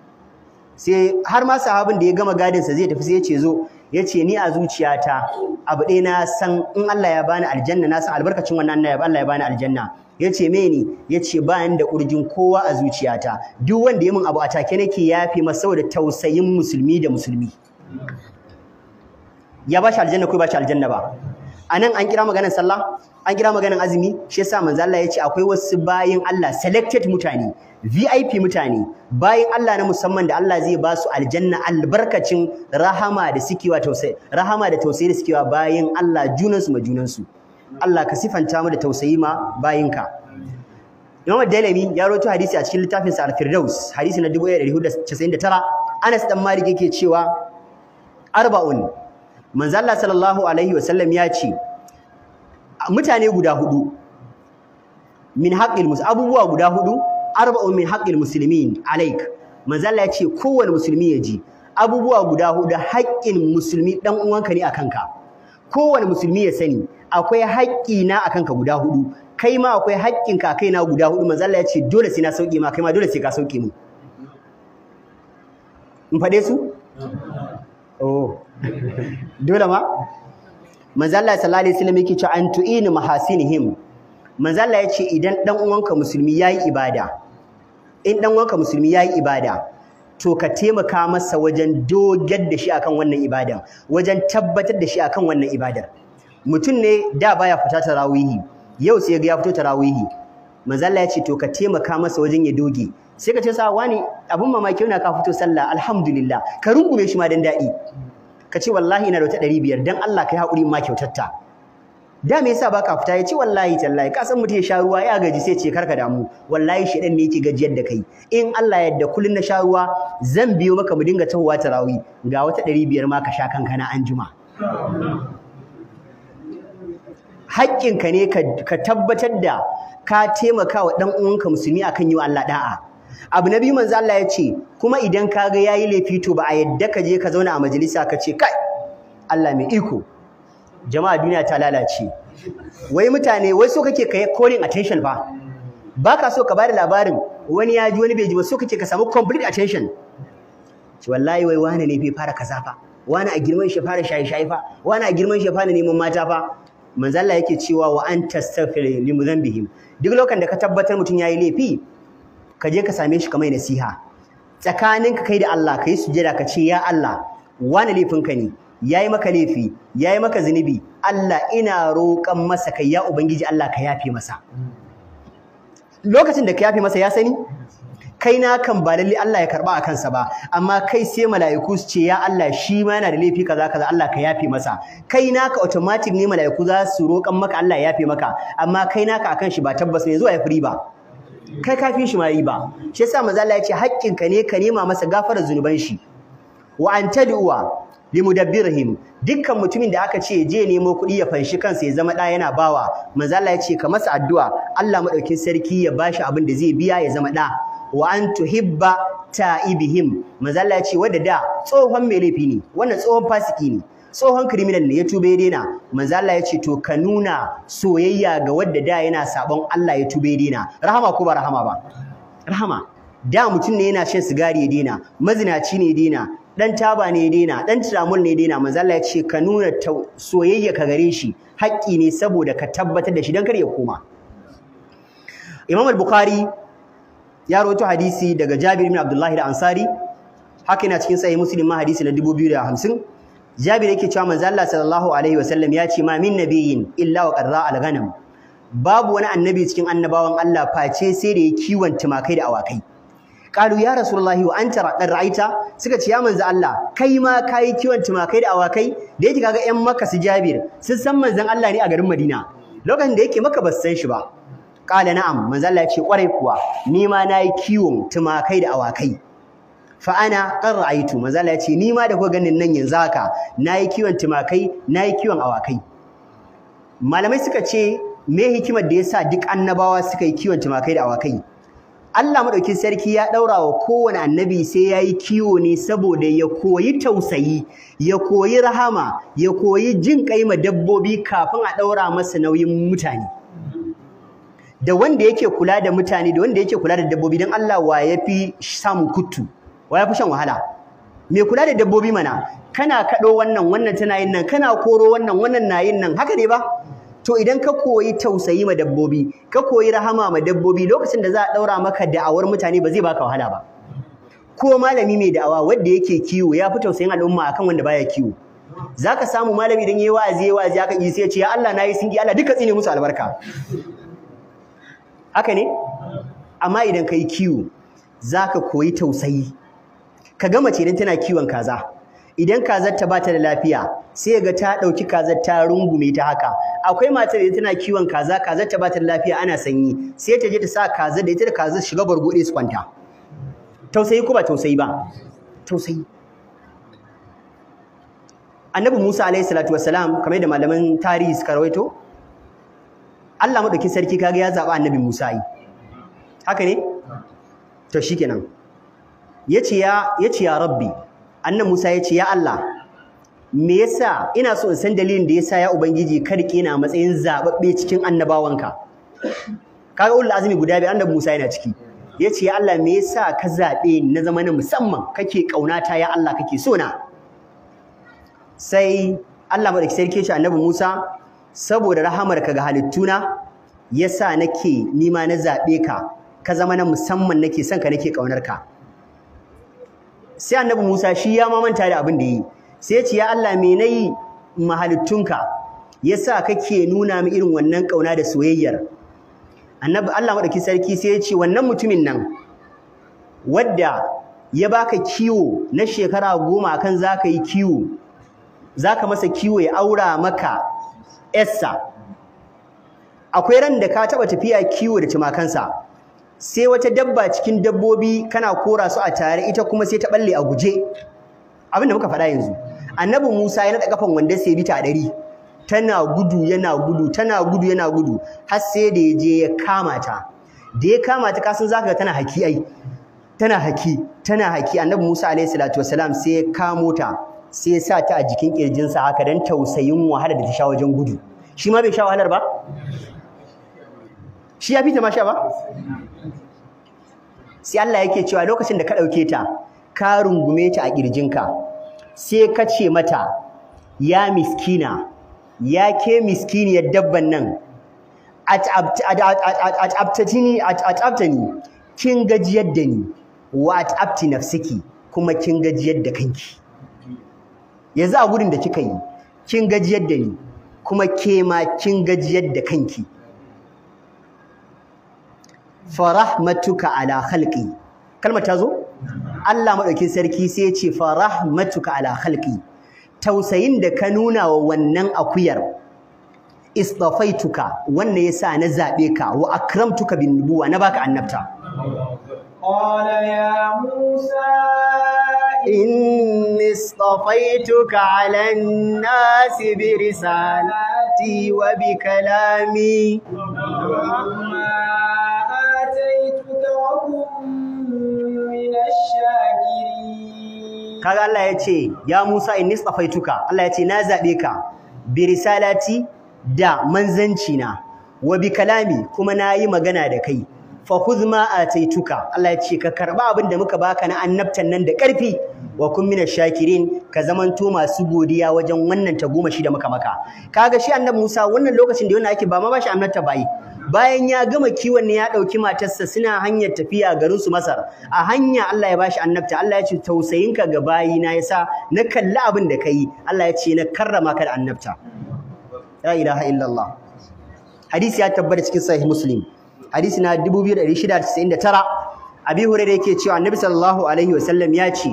sai har ma sahabin da ya gama gadin sa zai tafi sai ya ce zo ya ce ni a zuciyata abu ɗaya na san in Allah ya bani aljanna na san albarkacin wannan Allah ya bani aljanna ya ce me ni ya ce ba ni da urjin kowa a zuciyata duk wanda ya min abu a take nake yafe masa saboda tausayin musulmi da musulmi ya ba shi aljanna ko ba shi aljanna ba anan an kira maganar sallah an kira maganar azumi shi yasa manzo Allah ya ce akwai wasu bayin Allah selected mutane VIP mutane bayin Allah na musamman da Allah zai ba su aljanna albarkacin rahama da suke wa tausayi rahama da tausayi da suke wa bayin Allah junansu ma junansu Allah ka sifanta mu da tausayi ma bayinka Imam Dalami ya rawaito hadisi a cikin littafin sa Al-Firdaus hadisi na 1499 Anas dan Malik yake cewa arba'un manzo Allah sallallahu alaihi wasallam ya ce mutane guda hudu min haqqil mus abubuwa guda hudu arba'un min haqqil muslimin alaik manzo Allah ya ce kowanne musulmi ya ji abubuwa guda hudu haƙƙin musulmi dan uwanka ne akan ka Kowanne musulmi ya sani akwai haƙƙi na akan ka guda hudu kai ma akwai haƙƙin ka kai na guda hudu manzo Allah ya ce dole sai na sauke ma kai ma dole sai ka sauke mu in fade su oh dole ma manzo sallallahu alaihi wasallam yake cewa an mahasini mahasinihim manzalla ya yace idan dan uwanka musulmi yayi ibada in dan uwanka musulmi yayi ibada to ka taimaka masa wajen dogar da shi akan wannan ibadan wajen tabbatar da shi akan wannan ibadar mutum ne da baya fita tarawihi yau sai ga ya fito tarawihi manzalla ya ce to ka taimaka masa wajen ya doge sai ka ce sa wani abin mamaki yana ka fito sallah alhamdulillah ka rungume shi ma dan dadi ka ce wallahi ina da wata ɗari biyar don Allah ka yi haƙuri ma kyautatta da me yasa baka fita ya ce wallahi tallahi ka san mutum ya sha ruwa ya gaji sai ce karka damu wallahi shi shedan ne yake gajiyar da kai in Allah ya yarda kullun na sha ruwa zan biyo maka mu dinga tahowa tarawi ga wata ɗari biyar ma ka sha kanka na anjima haƙƙinka ne ka tabbatar da ka taimaka wa ɗan uwanka musulmi akan yi Allah da'a abu na biyu manzo Allah ya ce kuma idan ka ga yayi laifi to ba a yadda ka je ka zauna a majalisa ka ce kai Allah mai iko jama'a duniya ta lalace wai mutane wai so kake kai calling attention fa baka so ka bada labarin wani ya ji wani bai ji ba so kake ka samu complete attention ce wallahi wai wani ne bai fara kaza fa wani a girman shi fara shaye shaye fa wani a girman shi fara neman mata fa manzo Allah yake cewa wa anta astaghfiru li dhanbihim duk lokacin da ka tabbatar mutun yayi laifi ka je ka same shi ka mai nasiha tsakaninka kai da Allah kai sujada ka ce ya Allah wani ka ne yayi maka laifi yayi maka zunubi Allah ina roƙan masa kai ya ubangiji Allah ka yafe masa lokacin da ka yafe masa ya sani kai na kan ba lalle Allah ya karba a kansa ba amma kai sai mala'iku su ce ya Allah shi ma yana da laifi kaza kaza Allah ka yafe masa kai naka automatic ne mala'iku za su roƙan maka Allah ya yafe maka amma kai naka akan shi ba tabbas ne zuwa ya firi ba kai kafin shi ma yi ba shi yasa manzo Allah ya ce haƙƙin ka ne ka nema masa gafarar zunuban shi wa an li mudabbirihim dukkan mutumin da aka ce je nemo kuɗi ya fanshi kansa ya zama ɗa yana bawa manzo Allah ya ce ka masa addu'a Allah madaukin sarki ya bashi abin da zai biya ya zama ɗa wa an tuhibba ta'ibihim manzo Allah ya ce wanda da tsohon mai laifi ne wannan tsohon fasiki ne tsohon criminal ne ya tube ya daina manzo Allah ya ce to ka nuna soyayya ga wanda da yana sabon Allah ya tube ya daina rahama ko ba rahama ba rahama da mutum ne yana shan sigari ya daina mazinaci ne ya daina dan taba ne ya daina dan tiramul ne ya daina manzo Allah ya ce ka nuna soyayya ka gare shi haƙƙi ne saboda ka tabbatar da shi dan kar ya koma Imam al-Bukhari ya rawaito hadisi daga Jabir bin Abdullah al-Ansari haka yana cikin sahih Muslim ma hadisi na hamsin. Jabir yake cewa manzo Allah sallallahu alaihi ya ce ma min nabiyyin illa wa qarra al-ghanam babu wani annabi cikin annabawan Allah face sai da ya kiwon tumakai da awakai qalu ya rasulullahi wa anta ra'aita suka ce ya manzo Allah kai ma kai kiwon tumakai da awakai da yake kaga ƴan Makka su Jabir sun san manzon Allah ne a garin Madina lokacin da yake Makka ba su san shi ba qala na'am manzo Allah ya ce kwarai kuwa ni ma nayi kiwon tumakai da awakai fa ana qarraitu manzala yace ni ma da ko ganin nan yanzu haka nayi kiwon tumakai nayi kiwon awakai malamai suka ce me hikimar da yasa duk annabawa suka yi kiwon tumakai da awakai Allah madaukin sarki ya daura wa kowane annabi sai yayi kiwo ne saboda ya koyi tausayi ya koyi rahama ya koyi jin kaima dabbobi kafin a daura masa nauyin mutane da wanda yake kula da mutane da wanda yake kula da dabbobi dan Allah wa ya fi samun kutu wa ya fi shan wahala mai kula da dabbobi mana kana kaɗo wannan wannan tana yin nan kana koro wannan wannan na yin nan haka ne ba to idan ka koyi tausayi ma dabbobi ka koyi rahama ma dabbobi lokacin da za a ɗaura maka da'awar mutane ba zai baka wahala ba ko malami mai da'awa wanda yake kiwo ya fi tausayin al'umma akan wanda baya kiwo Za ka samu malami idan yayi wa'azi yayi wa'azi aka isa ya ce ya Allah nayi singi Allah duka tsine musu albarka haka ne amma idan kai kiwo za ka koyi tausayi ka gama ce idan tana kiwon kaza idan kazar ta bata da lafiya sai ga ta dauki kazar ta rungume ta haka akwai matar da tana kiwon kaza kazar ta bata da lafiya ana sanyi sai ta je ta sa kazar da ita da kazar shiga bargode su kwanta tausayi ko ba tausayi ba tausayi annabi Musa alaihi salatu wassalam kamar da malaman tarihi suka rawaito Allah madaukin sarki kaga ya zaba annabi Musa yi haka ne to shikenan ya ce ya rabbi annan Musa ya ce ya Allah me yasa ina so in san dalilin da yasa ya ubangiji karki na matsayin zababbe cikin annabawanka kaga ulul azumi guda biyu annabi Musa yana ciki ya ce ya Allah me yasa ka zabe na zama na musamman kake kaunata ya Allah kake so na sai Allah madaki sarki shi annabi Musa saboda rahamarka ga halittuna yasa nake nima na zabe ka ka zama na musamman nake son ka nake kaunar ka sai annabi Musa shi ya ma manta da abin da yi sai ya ce ya Allah me nayi mahalittunka yasa kake nuna min irin wannan kauna da soyayyar annabi Allah madaki sarki sai ya ce wannan mutumin nan wadda ya baka kiwo na shekara goma kan zaka yi kiwo zaka masa kiwo ya aura maka essa akwai ran da ka taba tafiya kiwo da tumakansa sai wata dabba cikin dabbobi kana kora su a tare ita kuma sai ta balle a guje abin da muka faɗa yanzu annabi Musa ya naɗa kafan wanda sai bita ɗari tana gudu yana gudu tana gudu yana gudu har sai da ya je ya kama ta da ya kama ta kasan zaka ga tana haki ai tana haki tana haki annabi Musa alaihi salatu wasalam sai ya kamo ta sai ya sa ta a jikin kirjinsa haka dan tausayin wahala da ta sha wajen gudu shi ma bai sha wahalar ba shi ya fita ma sha ba sai Allah yake cewa lokacin da ka ɗauke ta ka rungume ta a ƙirjinka sai ka ce mata ya miskina ya ke miskiniyar dabban nan a at'abtani kin gajiyar da ni wa at'abti nafsiki kuma kin gajiyar da kanki yanzu a gudun da kika yi kin gajiyar da ni kuma ke ma kin gajiyar da kanki farahmatuka ala khalqi kalmar ta zo Allah madaukin sarki sai ya ce farahmatuka ala khalqi tausayin da ka nuna wa wannan akuyar istafaituka wannan yasa na zabe ka wa akramtuka bin nubuwa na baka annabta qala ya musa إني اصطفيتك على الناس bi وبكلامي kaga Allah ya ce ya Musa inni tsafaituka Allah ya ce na zabe ka bi risalati da manzanci na wa bi kalami kuma na yi magana da kai fa khudh ma ataituka Allah ya ce ka karba abin da muka baka na annabtan nan da karfi wa kun mina shakirin ka zamanto masu godiya wajen wannan ta shi da muka maka kaga shi annabi Musa wannan lokacin da yana ake ba ma bashi annabta bai bayan ya gama kiwon ne ya ɗauki matarsa suna hanyar tafiya garinsu su Masar a hanya Allah ya bashi annabta Allah ya ce tausayinka ga bayi na yasa na kalli abin da kai Allah ya ce na karrama ka da annabta la ilaha illallah hadisi ya tabbata cikin sahih muslim hadisi na 2699 abi hurairah yake cewa annabi sallallahu alaihi wasallam ya ce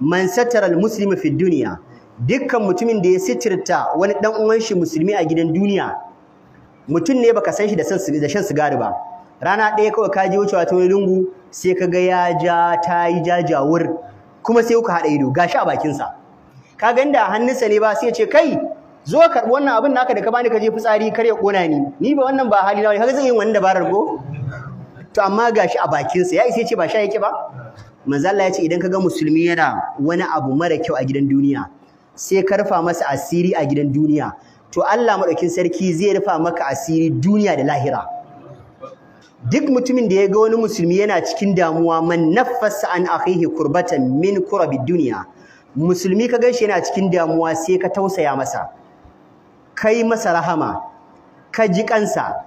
man satara almuslimu dunya dukkan mutumin da ya sitirta wani dan uwan shi musulmi a gidan duniya mutum ne baka san shi da shan sigari ba rana ɗaya kawai ka ji wucewa ta wani lungu sai ka ga ya ja ta yi jajawur kuma sai kuka haɗa ido gashi a bakinsa ka ga inda hannunsa ne ba sai ce kai zo karɓi wannan abin naka da ka bani ka je fitsari kar ya ƙona ni ni ba wannan ba hali na wani kaga zan yi wani dabarar ko to amma gashi a bakinsa ya isa ce ba sha yake ba manzo Allah ya ce idan ka ga musulmi yana wani abu mara kyau a gidan duniya sai karfa masa asiri a gidan duniya to Allah maɗaukin sarki zai rufa maka asiri duniya da lahira duk mutumin da ya ga wani musulmi yana cikin damuwa man naffasa an akhihi kurbatan min kurabi duniya musulmi ka gaishe yana cikin damuwa sai ka tausaya masa kai masa rahama ka ji kansa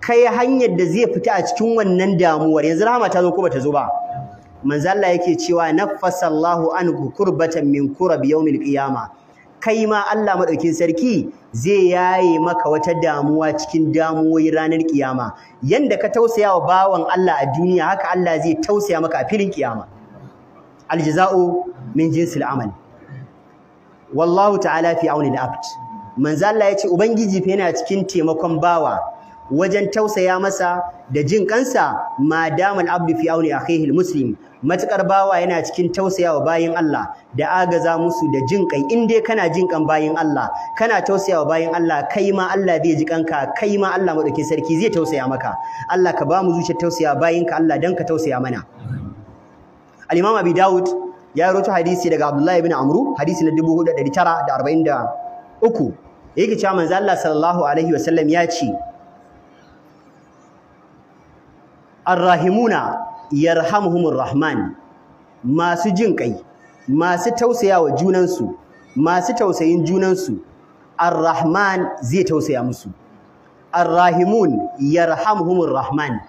kai hanyar da zai fita a cikin wannan damuwar yanzu rahama ta zo ko bata zo ba manzo Allah yake cewa naffasa Allahu anhu kurbatan min kurabi yawmil qiyamah kai ma Allah maɗaukin sarki zai yaye maka wata damuwa cikin damuwoyin ranar kiyama yanda ka tausaya wa bawan Allah a duniya haka Allah zai tausaya maka a filin kiyama aljaza'u min jinsil amal wallahu ta'ala fi auni al-abd manzo Allah yace ubangiji fa yana cikin taimakon bawa wajen tausaya masa da jin kansa ma damal abdu fi auni akhihi muslim matukar bawa yana cikin tausayawa bayin Allah da agaza musu da jin kai in dai kana jin kan bayin Allah kana tausayawa bayin Allah kai ma Allah zai ji kanka kai ma Allah madaukin sarki zai tausaya maka Allah ka ba mu zuciyar tausaya ka Allah dan ka tausaya mana al-imam abi daud ya rawaito hadisi daga abdullahi ibn amru hadisi na 4943 yake cewa manzo Allah sallallahu alaihi wasallam ya ce arrahimuna yarhamuhumur rahman masu jin kai masu tausayawa junansu masu tausayin junansu arrahman zai tausaya musu arrahimun yarhamuhumur rahman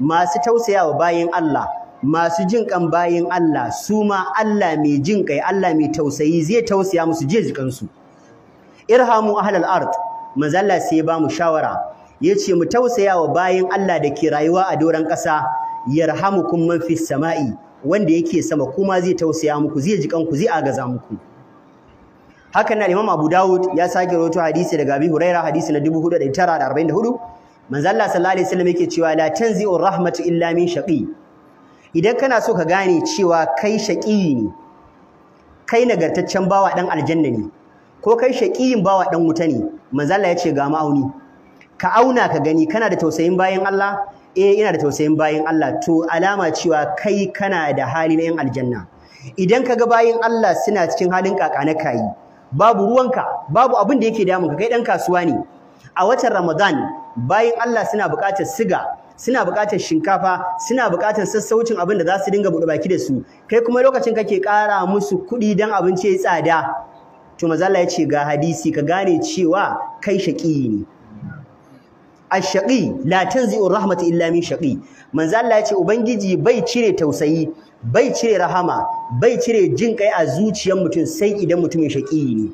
masu tausayawa bayan Allah masu jin kan bayin Allah su ma Allah mai jin kai Allah mai tausayi zai tausaya musu jiya jikansu irhamu ahlal art, mazalla sai ba mu shawara Ya ce mu tausaya wa bayin Allah da ke rayuwa a doron ƙasa yarhamukum man fis sama'i wanda yake sama kuma zai tausaya muku zai ji kanku zai agaza muku haka na Imam Abu Dawud ya sake rawaito hadisi daga Abi Huraira hadisi na 4944 manzo Allah sallallahu alaihi wasallam yake cewa la tanzi'u rahmatu illa min shaqi idan kana so ka gane cewa kai shaqi ne kai nagartaccen bawa ɗan aljanna ne ko kai shaqiyin bawa ɗan wuta ne manzo Allah ya ce ga ma'auni ka auna ka gani kana da tausayin bayan Allah eh ina da tausayin bayan Allah to alama cewa kai kana da hali na 'yan aljanna idan kaga bayan Allah suna cikin halin kakana kayi babu ruwanka babu abin da yake damunka kai dan kasuwa ne a watan Ramadan bayan Allah suna buƙatar siga suna buƙatar shinkafa suna buƙatar sassaucin abin da za su dinga buɗe baki da su kai kuma lokacin kake ƙara musu kuɗi dan abinci ya tsada to mazalla yace ya ce ga hadisi ka gane cewa kai shaƙi ne ashaqi la tanzi'u rahmatu illa min shaqi manzo Allah ya ce ubangiji bai cire tausayi bai cire rahama bai cire jin kai a zuciyar mutum sai idan mutumin shaqi ne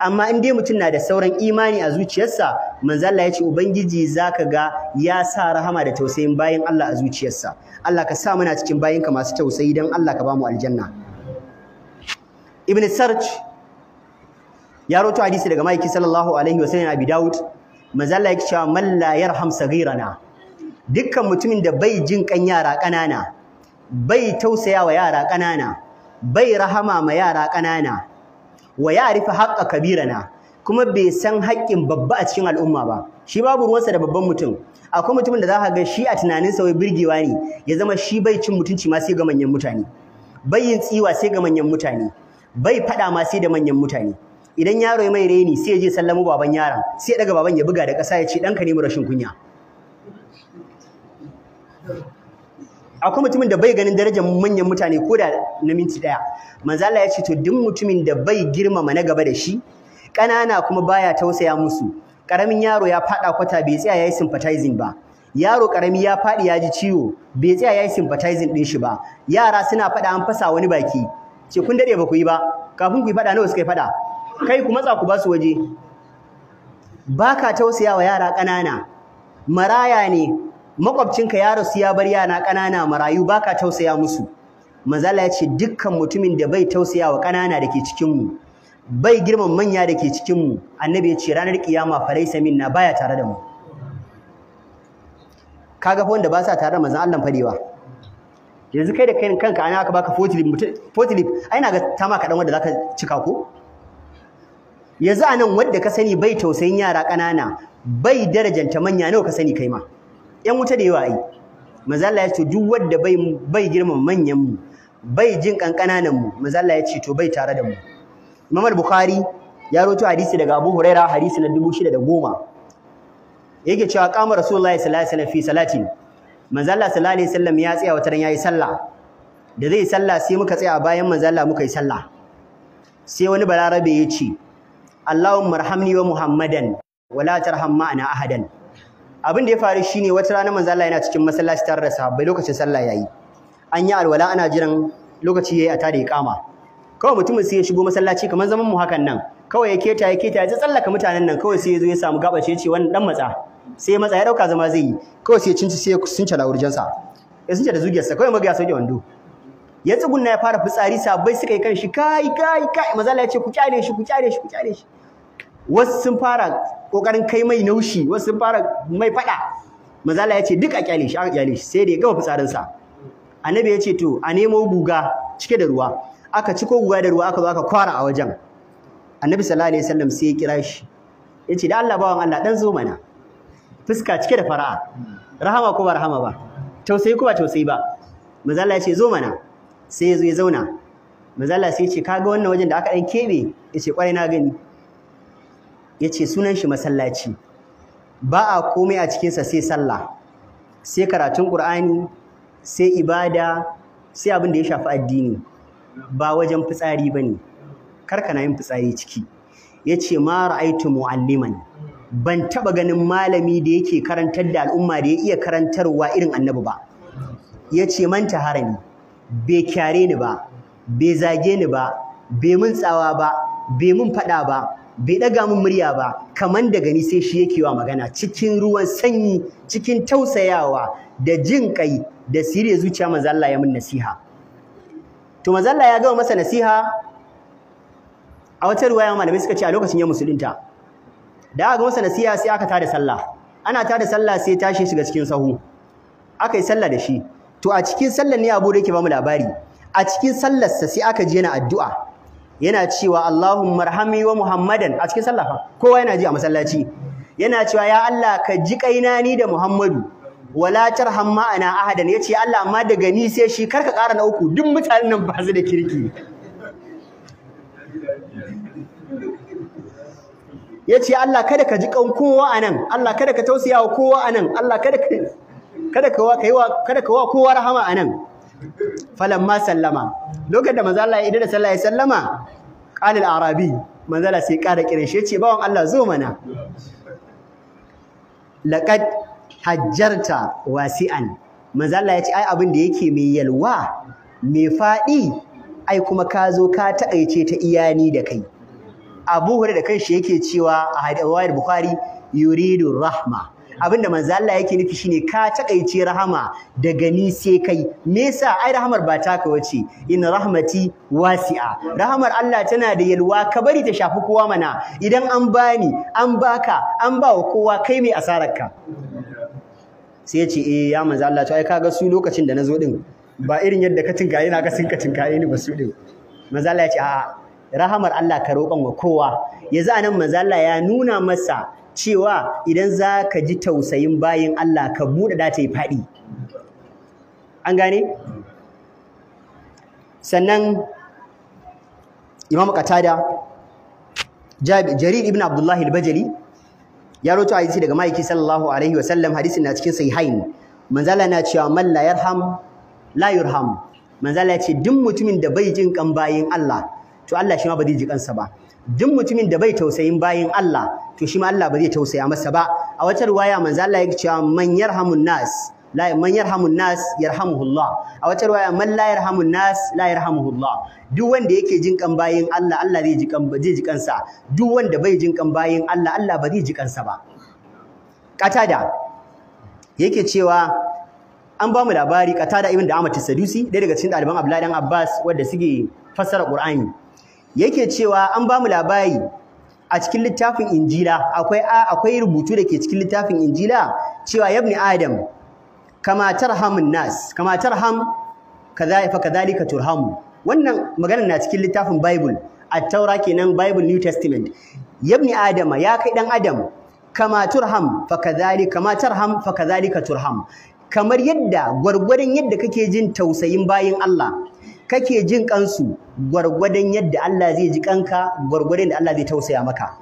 amma in dai mutum na da sauran imani a zuciyarsa manzo Allah ya ce ubangiji zaka ga ya sa rahama da tausayin bayan Allah a zuciyarsa Allah ka sa muna cikin bayinka masu tausayi dan Allah ka bamu aljanna ibn sarj ya hadisi daga maiki sallallahu alaihi wasallam abi daud mazala yake cewa man la yarham sagirana dukkan mutumin da bai jin kan yara ƙanana bai tausaya wa yara kanana bai rahama ma yara ƙanana wa ya'rifa Kabira na? kuma bai san haƙƙin babba a cikin al'umma ba shi babu ruwansa da babban mutum akwai mutumin da za ka ga shi a tunaninsa wai birgewa ne ya zama shi bai cin mutunci ma sai ga manyan mutane bai yin tsiwa sai ga manyan mutane bai faɗa ma sai da manyan mutane idan yaro ya mai reni sai ya je sallama baban yaron sai ya daga baban ya buga da ƙasa ya ce ɗanka ne mu rashin kunya akwai mutumin da bai ganin darajar manyan mutane ko da na minti ɗaya manzo Allah ya ce to duk mutumin da bai girmama na gaba da shi ƙanana kuma baya tausaya musu ƙaramin yaro ya faɗa kwata bai tsaya yayi sympathizing ba yaro ƙarami ya faɗi ya ji ciwo bai tsaya yayi sympathizing din shi ba yara suna faɗa an fasa wani baki ce kun dade ba ku yi ba kafin ku yi faɗa nawa suka yi faɗa kai ku matsa ku ba su waje ba ka tausaya wa yara ƙanana maraya ne makwabcinka ya rasu ya bar yana ƙanana marayu ba ka tausaya musu mazala ya ce dukkan mutumin da bai tausaya wa ƙanana da ke cikinmu bai girman manya da ke cikinmu annabi ya ce ranar farai samin na baya tare da mu Ka ga wanda ba sa tare da manzon Allah fadewa yanzu kai da kai kanka ana aka baka fotilip fotilip ai na ga tama kaɗan wanda zaka cika ko yanzu a nan wadda ka sani bai tausayin yara ƙanana bai darajanta manya nawa ka sani kai ma yan wuta da yawa ai manzo Allah ya ce duk wadda bai bai manyanmu manyan mu bai jin kankananan mu manzo Allah ya ce to bai tare da mu Imam Bukhari ya rawaito hadisi daga Abu Huraira hadisi na 6010 yake cewa qama Rasulullahi sallallahu alaihi wasallam fi salatin manzo Allah sallallahu alaihi wasallam ya tsaya wata ran yayi sallah da zai sallah sai muka tsaya bayan manzo Allah muka yi sallah sai wani balarabe ya ce Allahumma arhamni wa Muhammadan wala tarham ma'ana ahadan abin da ya faru shine wata rana manzo Allah yana cikin masallaci tare da sahabbai lokacin sallah yayi an yi alwala ana jiran lokaci yayi a tare iqama kawai mutumin sai ya shigo masallaci kamar zaman mu hakan nan kawai ya keta ya keta ya tsallaka mutanen nan kawai sai ya zo ya samu gabace ya ce wannan dan matsa sai ya matsa ya dauka zama zai yi kawai sai ya cinci sai ya sunce lawurjansa ya sunce da zugiyarsa kawai maga ya sauke wando ya tsugunna ya fara fitsari sabai suka yi shi kai kai kai mazala ya ce ku kyale shi ku kyale shi ku kyale shi wasu sun fara kokarin kai mai naushi wasu sun fara mai fada mazala ya ce duk a kyale shi aka kyale shi sai da ya gama fitsarin sa annabi ya ce to a nemo guga cike da ruwa aka ciko guga da ruwa aka zo aka kwara a wajen annabi sallallahu alaihi wasallam sai ya kira shi ya ce da Allah bawan Allah dan zo mana fuska cike da fara'a rahama ko ba rahama ba tausayi ko ba tausayi ba mazala ya ce zo mana sai ya zo ya zauna mazala sai ya ce kaga wannan wajen da aka dan kebe ya ce kwarai na gani ya ce sunan shi masallaci ba a komai a cikinsa sai sallah sai karatun ƙur'ani sai ibada sai abin da ya shafi addini ba wajen fitsari ba ne karkana na yin fitsari ciki ya ce ma ra'aitu mu'alliman ban taɓa ganin malami da yake karantar da al'umma da ya iya karantarwa irin annabi ba ya ce manta harami bai kyare ni ba bai zage ni ba bai mun tsawa ba bai mun faɗa ba bai ɗaga min murya ba kaman da gani sai shi yake wa magana cikin ruwan sanyi cikin tausayawa da jin kai da sire zuciya manzo Allah ya min nasiha to manzo Allah ya gama masa nasiha a wata ruwaya malamai suka ce a lokacin ya musulunta da aka masa nasiha sai aka tada sallah ana tada sallah sai tashi shiga cikin sahu aka yi sallah da shi to a cikin sallar ne Abu da yake ba mu labari a cikin sallarsa sai aka je na addu'a yana cewa Allahumma arhamni wa Muhammadan a cikin sallafa kowa yana ji a masallaci yana cewa ya Allah ka ji kaina ni da Muhammadu wala tarham ma'ana ahadan yace Allah amma daga ni sai shi karka ƙara na uku duk mutanen nan ba su da kirki yace Allah kada ka ji kan kowa anan Allah kada ka tausaya wa kowa anan Allah kada ka kada ka wa kai wa kada ka wa kowa rahama anan falamma sallama lokacin da manzo Allah ya idda sallah ya sallama qalil arabi manzo Allah sai ƙara kiran shi yace bawon Allah zo mana laqad hajjarta wasi'an manzo Allah yace ai abin da yake mai yalwa mai fadi ai kuma ka zo ka taƙaice ta iyani da kai Abu Hurairah da shi yake cewa a hadith Bukhari yuridu rahma da manzo Allah yake nufi shine ka takaice rahama daga ni sai kai me yasa ai rahamar ba taka wace in rahmati wasi'a rahamar Allah tana da yalwa ka bari ta shafi kowa mana idan an bani an baka an ba wa kowa kai mai asarar ka. sai ya ce eh ya manzo Allah to ai kaga su lokacin da nazo din ba irin yadda ka tinka na ka sinka ka tinkaye ba su din manzo Allah ya ce a'a rahamar Allah ka roƙon wa kowa yanzu anan manzo Allah ya nuna masa cewa idan za ka ji tausayin bayan Allah ka buɗe ta yi faɗi an gane sannan imam qatada jarir ibn abdullahi al-bajali ya roto hadisi daga ma'aiki sallallahu alaihi wa sallam hadisin na cikin sahihain manzala na cewa man la yarham la yurham manzala ya ce duk mutumin da bai jin kan bayan Allah to Allah shi ma ba zai ji kansa ba duk mutumin da bai tausayin bayin Allah to shi ma Allah ba zai tausaya masa ba a wata ruwaya manzo Allah yake cewa man yarhamun nas la man yarhamun nas yarhamuhullah a wata ruwaya man la yarhamun nas la yarhamuhullah duk wanda yake jin kan bayin Allah Allah zai ji kan zai ji kansa duk wanda bai jin kan bayin Allah Allah ba zai ji kansa ba katada yake cewa an ba mu labari Katada, ibn da amatu Sadusi ɗaya daga cikin ɗaliban Abdullahi dan Abbas wanda suke fassara Qur'ani yake cewa an ba mu labari a cikin littafin injila akwai akwai rubutu da ke cikin littafin injila cewa yabni adam kama tarhamun nas kama tarham kaza fa kadhalika turhamu wannan magana na cikin littafin bible at-taura kenan bible new testament yabni Adam ya kai dan adam kama turham fa kadhalika kama tarham fa kadhalika turham kamar yadda gwargwadon yadda kake jin tausayin bayin Allah kake jin kansu gwargwadon yadda Allah zai ji kanka gwargwadon da Allah zai tausaya maka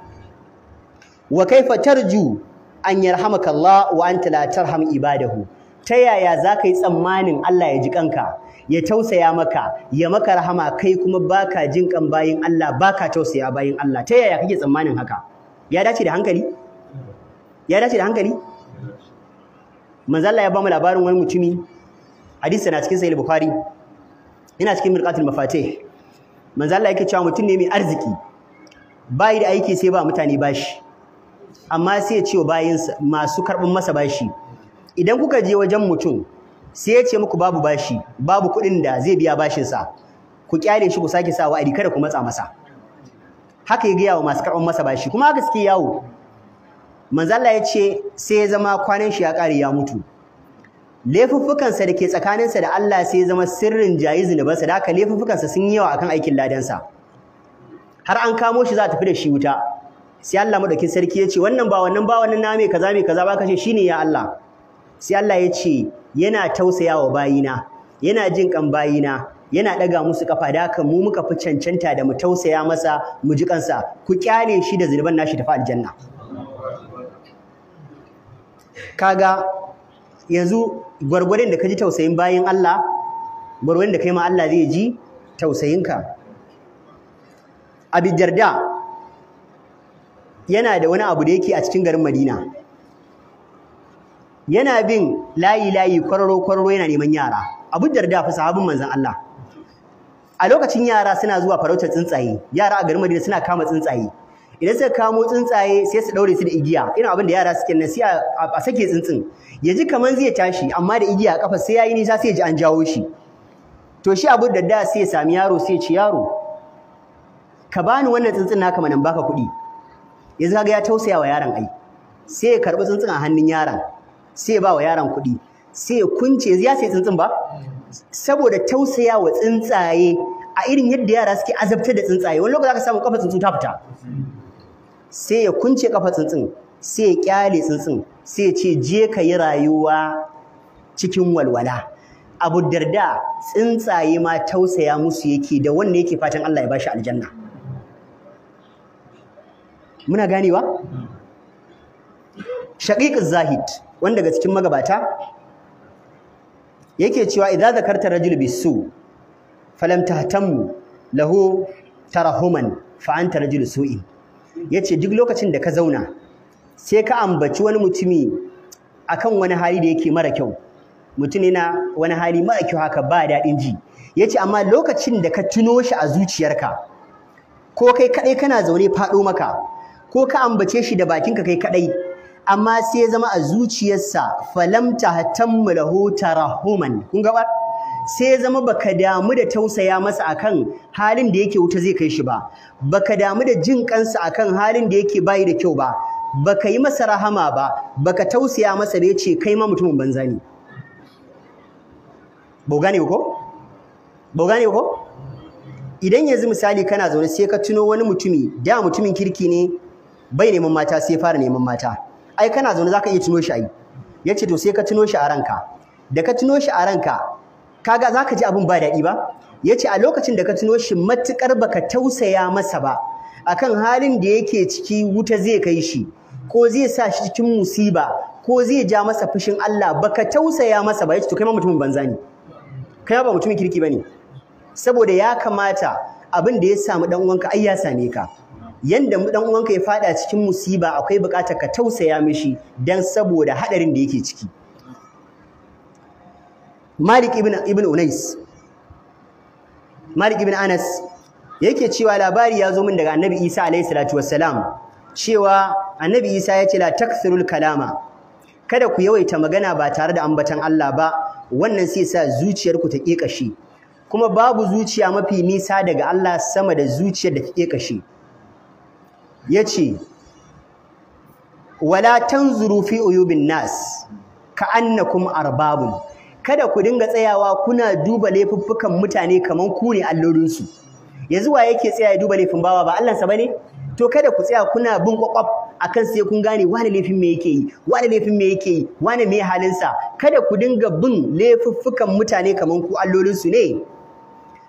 wa kaifa tarju an yarhamaka Allah wa anta la tarham ibadahu ta yaya zaka yi tsammanin Allah ya ji kanka ya tausaya maka ya maka rahama kai kuma baka jin kan bayin Allah baka tausaya bayin Allah ta yaya kake tsammanin haka ya dace da hankali ya dace da hankali manzo Allah ya ba mu labarin wani mutumi hadisi na cikin sahih bukhari yana cikin mirqatul mafate manzo Allah yake cewa mutum ne mai arziki bai da aiki sai ba mutane bashi amma sai ya ce wa bayin masu karbin masa bashi idan kuka je wajen mutum sai ya ce muku babu bashi babu kuɗin da zai biya bashin sa ku kyale shi ku sake sa wa'adi kada ku matsa masa haka ya gaya wa masu karɓar masa bashi kuma haka suke yawo Allah ya ce sai ya zama kwanan shi ya kare ya mutu laifuffukansa da ke tsakaninsa da Allah sai zama sirrin jayi zunubansa da haka laifuffukansa sun yawa akan aikin ladansa har an kamo shi za a tafi da shi wuta sai Allah madaukin sarki ya ce wannan ba wannan ba wannan na mai kaza mai kaza ba kace shine ya Allah sai Allah ya ce yana tausaya wa bayina yana jin kan bayina yana daga musu kafa da haka mu muka fi cancanta da mu tausaya masa mu ji kansa ku kyale shi da zunuban nashi tafi aljanna kaga yanzu gwargwadon da ka ji tausayin bayan Allah gwargwadon da kai ma Allah zai ji tausayinka Abi Jarda yana da wani abu da yake a cikin garin Madina yana bin layi layi kwararo kwararo yana neman yara Abu Jarda, fi sahabin manzon Allah a lokacin yara suna zuwa farautar tsuntsaye yara a garin Madina suna kama tsuntsaye idan suka kamo tsuntsaye sai su daure su da igiya irin abin da yara suke nan sai a sake tsuntsun ya ji kamar zai tashi amma da igiya a kafa sai yayi nisa sai ji an jawo shi to shi abu da da sai ya sami yaro sai ya ci yaro ka bani wannan tsuntsun naka manan baka kuɗi yanzu kaga ya tausaya wa yaron ai sai ya karɓi tsuntsun a hannun yaron sai ya ba wa yaron kuɗi sai ya kunce ya sai tsuntsun ba saboda tausaya wa tsuntsaye a irin yadda yara suke azabtar da tsuntsaye wani lokaci aka samu kafa tsuntsu ta fita sai ya kunce kafa tsuntsun sai ya kyale tsuntsun sai ya ce je ka yi rayuwa cikin walwala abu darda tsuntsaye ma tausaya musu yake da wanda yake fatan Allah ya bashi aljanna muna ganewa shaqiq zahid wanda daga cikin magabata yake cewa idza zakarta rajul bisu falam tahtamu lahu tarahuman fa anta rajul su'in ya ce duk lokacin da ka zauna sai ka ambaci wani mutumi akan wani hali da yake mara kyau mutum yana wani hali mara kyau haka ba daɗin ji ya ce amma lokacin da ka tuno shi a zuciyarka ko kai kaɗai kana zaune faɗo maka ko ka ambace shi da bakinka kai kaɗai amma sai ya zama a zuciyarsa falamta hatammu lahu tarahuman kun gabar sai ya zama baka damu da tausaya masa akan halin da yake wuta zai kai shi ba baka damu da jin kansa akan halin da yake bayi da kyau ba baka yi masa rahama ba baka tausaya masa da yace kai ma mutumin banza ne ba gane ko ba gane ko idan yanzu misali kana zaune sai ka tuno wani mutumi da mutumin kirki ne bai neman mata sai fara neman mata ai kana zaune zaka iya tuno shi ai yace to sai ka tuno shi a ranka da ka tuno shi a ranka kaga za ka ji abin ba daɗi ba Ya ce, a lokacin da ka tuno shi matuƙar ba ka tausaya masa ba akan halin da yake ciki wuta zai kai shi ko zai sa shi cikin musiba ko zai ja masa fushin Allah ba ka tausaya masa ba Ya ce to kai ma mutumin banza ne kai ba mutumin kirki ba ne? saboda ya kamata abin da ya samu dan uwanka ai ya same ka yanda dan uwanka ya faɗa cikin musiba akwai buƙatar ka tausaya mishi dan saboda haɗarin da yake ciki Malik ibn Unais Malik ibn Anas yake cewa labari ya zo min daga Annabi Isa alayhi salatu wassalam cewa Annabi Isa ya ce la kalama kada ku yawaita magana ba tare da ambatan Allah ba wannan sai sa zuciyarku ta ƙiƙashi kuma babu zuciya mafi nisa daga Allah sama da zuciyar da ta yace wala tanzuru fi uyubin nas ka'annakum arbabun kada ku dinga tsayawa kuna duba laifuffukan mutane kamar ku ne allolinsu yanzu wa yake tsaya ya duba laifin bawa ba ba ne, to kada ku tsaya kuna bin kwakwaf akan sai kun gane wani laifin me yake yi wani laifin me yake yi wani me halinsa kada ku dinga bin laifuffukan mutane kamar ku allolinsu ne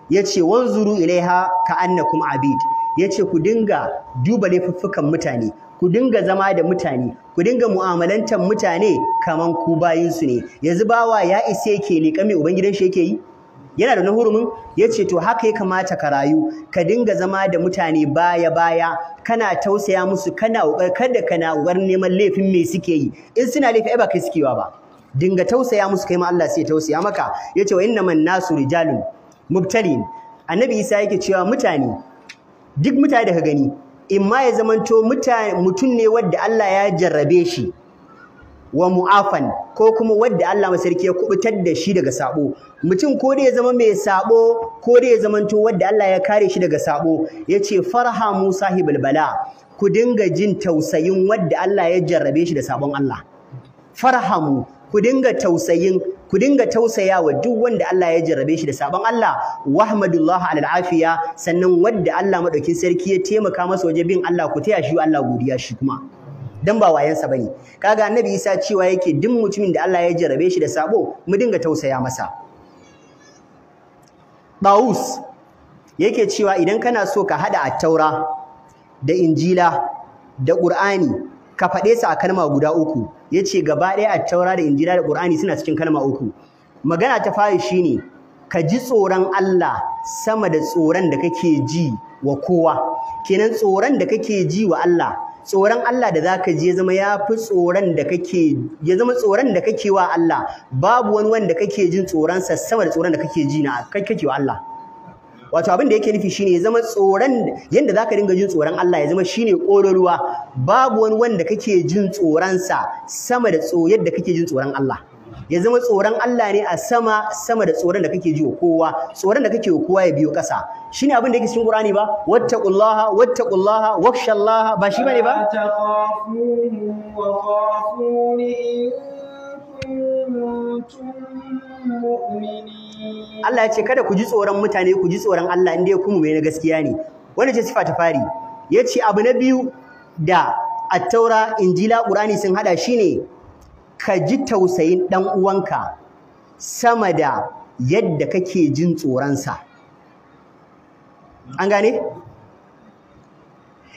yace wanzuru ilaiha ka annakum abid ya ce ku dinga duba laifuffukan mutane ku dinga zama da mutane ku dinga mu'amalantar mutane kaman ku bayinsu ne yanzu bawa ya isa yake leƙa mai ubangidan shi yake yi yana da nahurumin ya ce to haka ya kamata ka rayu ka dinga zama da mutane baya baya kana tausaya musu kana kada kana war neman laifin me suke yi in suna laifi ai ba kai sukewa ba dinga tausaya musu kai ma Allah sai tausaya maka yace wa innaman nasu rijalun mubtalin annabi Isa yake cewa mutane duk mutane daga gani in ma ya zamanto mutum ne wadda Allah ya jarrabe shi wa mu'afan ko kuma wadda Allah masarki ya kubutar da shi daga sabo mutum ko da ya zama mai sabo ko da ya zamanto wadda Allah ya kare shi daga sabo yace farhamu Musa bala ku dinga jin tausayin wadda Allah ya jarrabe shi da sabon Allah farhamu ku dinga tausayin ku dinga tausayawa duk wanda Allah ya jarrabe shi da sabon Allah hamdulillah alal afiya sannan wanda Allah madaukin sarki ya taimaka masa waje bin Allah ku taya shi Allah godiya shi kuma dan ba wayansa bane kaga annabi Isa cewa yake duk mutumin da Allah ya jarrabe shi da sabo mu dinga tausaya masa Baus yake cewa idan kana so ka hada at-taura da injila da qur'ani ka faɗe su a kalma guda uku ya ce gaba ɗaya a taura da injina da ƙur'ani suna cikin kalma uku magana ta shi ne. ka ji tsoron Allah sama da tsoron da kake ji wa kowa kenan tsoron da kake ji wa Allah tsoron Allah da zaka je zama ya fi tsoron da kake zama tsoron da kake wa Allah babu wani wanda kake jin tsoronsa sama da tsoron da kake ji na kake wa Allah wato abin da yake nufi shine ya zama tsoron yanda zaka dinga jin tsoron Allah ya zama shine kororuwa babu wani wanda kake jin tsoron sa sama da tso yadda kake jin tsoron Allah ya zama tsoron Allah ne a sama sama da tsoron da kake ji wa kowa tsoron da kake wa kowa ya biyo kasa shine abin da yake cikin Qur'ani ba wattaqullaha wattaqullaha wakhshallaha ba shi bane ba wa khafuni Allah ya ce kada ku ji tsoron mutane ku ji tsoron Allah inda ya kuma mai na gaskiya ne wani ce sifa ta fari ya ce abu na biyu da attaura injila kurani sun hada ne, ka ji tausayin ɗan uwanka sama da yadda kake jin tsoronsa an gane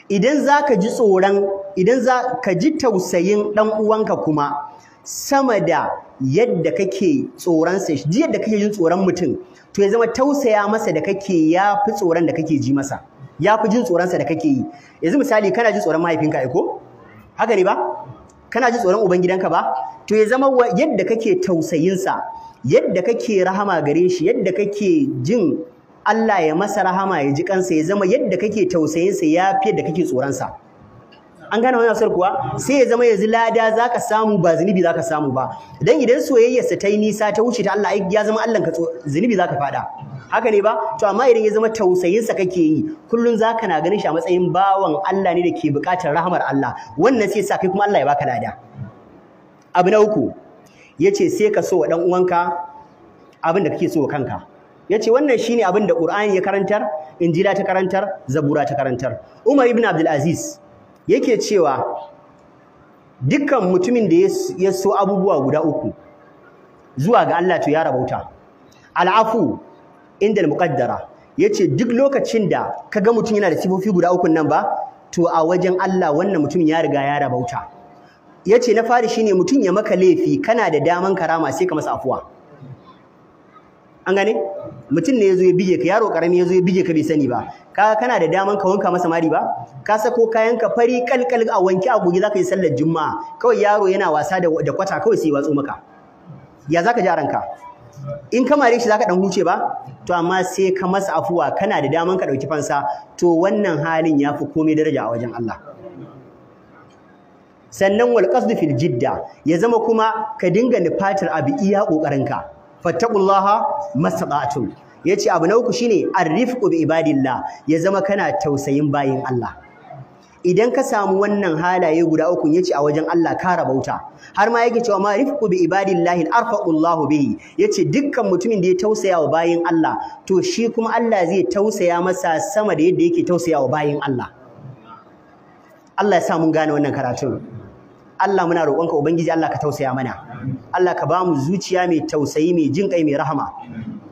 idan za ka ji tsoron idan za ka ji tausayin ɗan'uwanka uwanka kuma sama da yadda kake tsoron sa ji yadda kake jin tsoron mutum to ya zama tausaya masa da kake ya fi tsoron da kake ji masa ya fi jin tsoron sa da kake yi yanzu misali kana jin tsoron mahaifinka ai ko haka ne ba kana jin tsoron ubangidanka ba to ya zama yadda kake tausayin sa yadda kake rahama gare shi yadda kake jin Allah ya masa rahama ya ji kansa ya zama yadda kake tausayin sa ya fi yadda kake tsoron sa an gane wannan asar kuwa sai ya zama yanzu lada zaka samu ba zunubi ka samu ba dan idan soyayyar sa ta yi nisa ta wuce ta Allah ya zama Allah ka zunubi zaka fada haka ne ba to amma idan ya zama tausayin sa kake yi kullun zaka na ganin shi a matsayin bawan Allah ne da ke bukatar rahmar Allah wannan sai sa kai kuma Allah ya baka lada abu na uku yace sai ka so wa dan uwanka abin da kake so wa kanka yace wannan shine abin da Qur'ani ya karantar Injila ta karantar Zabura ta karantar Umar ibn Abdul Aziz yake cewa dukkan mutumin da ya so abubuwa guda uku zuwa ga Allah to ya rabauta al'afu inda al-muqaddara yace duk lokacin da kaga mutum yana da sifofi guda uku nan ba to a wajen Allah wannan mutum ya riga ya rabauta yace na fari shine mutum ya maka laifi kana da daman karama sai ka masa afuwa an gane mutum ne zo ya bige ka yaro karami zo ya bige ka bai sani ba ka kana da daman ka wanka masa mari ba ka sako kayan ka fari kalkal a wanki a goge zaka yi sallar juma'a kawai yaro yana wasa da da kwata kawai sai watso maka ya zaka ji ranka in ka mare shi zaka dan huce ba to amma sai ka masa afuwa kana da daman ka dauki fansa to wannan halin ya fi komai daraja a wajen Allah sannan wal qasd fil jidda ya zama kuma ka dinga nufatar abi iya kokarinka fattaqullaha mastata'tum yace abu na uku shine arifqu bi ibadillah ya zama kana tausayin bayin Allah idan ka samu wannan halaye guda uku yace a wajen Allah ka rabauta har ma yake cewa marifqu rifqu bi ibadillahi arfa'ullahu bihi yace dukkan mutumin da ya tausaya wa bayin Allah to shi kuma Allah zai tausaya masa sama da yadda yake tausaya wa bayin Allah Allah ya sa mun gane wannan karatu Allah muna roƙonka ubangiji Allah ka tausaya mana Allah ka bamu zuciya mai tausayi mai jin kai mai rahama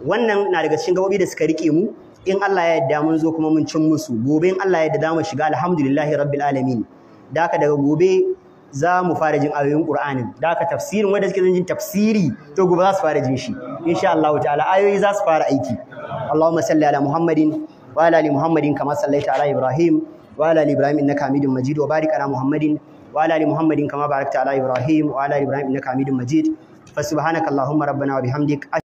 wannan na daga cikin gabobi da suka rike mu in Allah ya yarda mun zo kuma mun cin musu gobe in Allah ya yarda zamu shiga alhamdulillahi rabbil alamin da haka daga gobe za mu fara jin ayoyin Qur'anin da haka tafsirin wanda suke jin tafsiri to gobe za su fara jin shi insha Allah ta'ala ayoyi za su fara aiki Allahumma salli ala Muhammadin wa ala ali Muhammadin kama sallaita ala Ibrahim wa ala ali Ibrahim innaka Hamidum Majid wa barik ala Muhammadin وعلى ال محمد كما باركت على ابراهيم وعلى ال ابراهيم انك حميد مجيد فسبحانك اللهم ربنا وبحمدك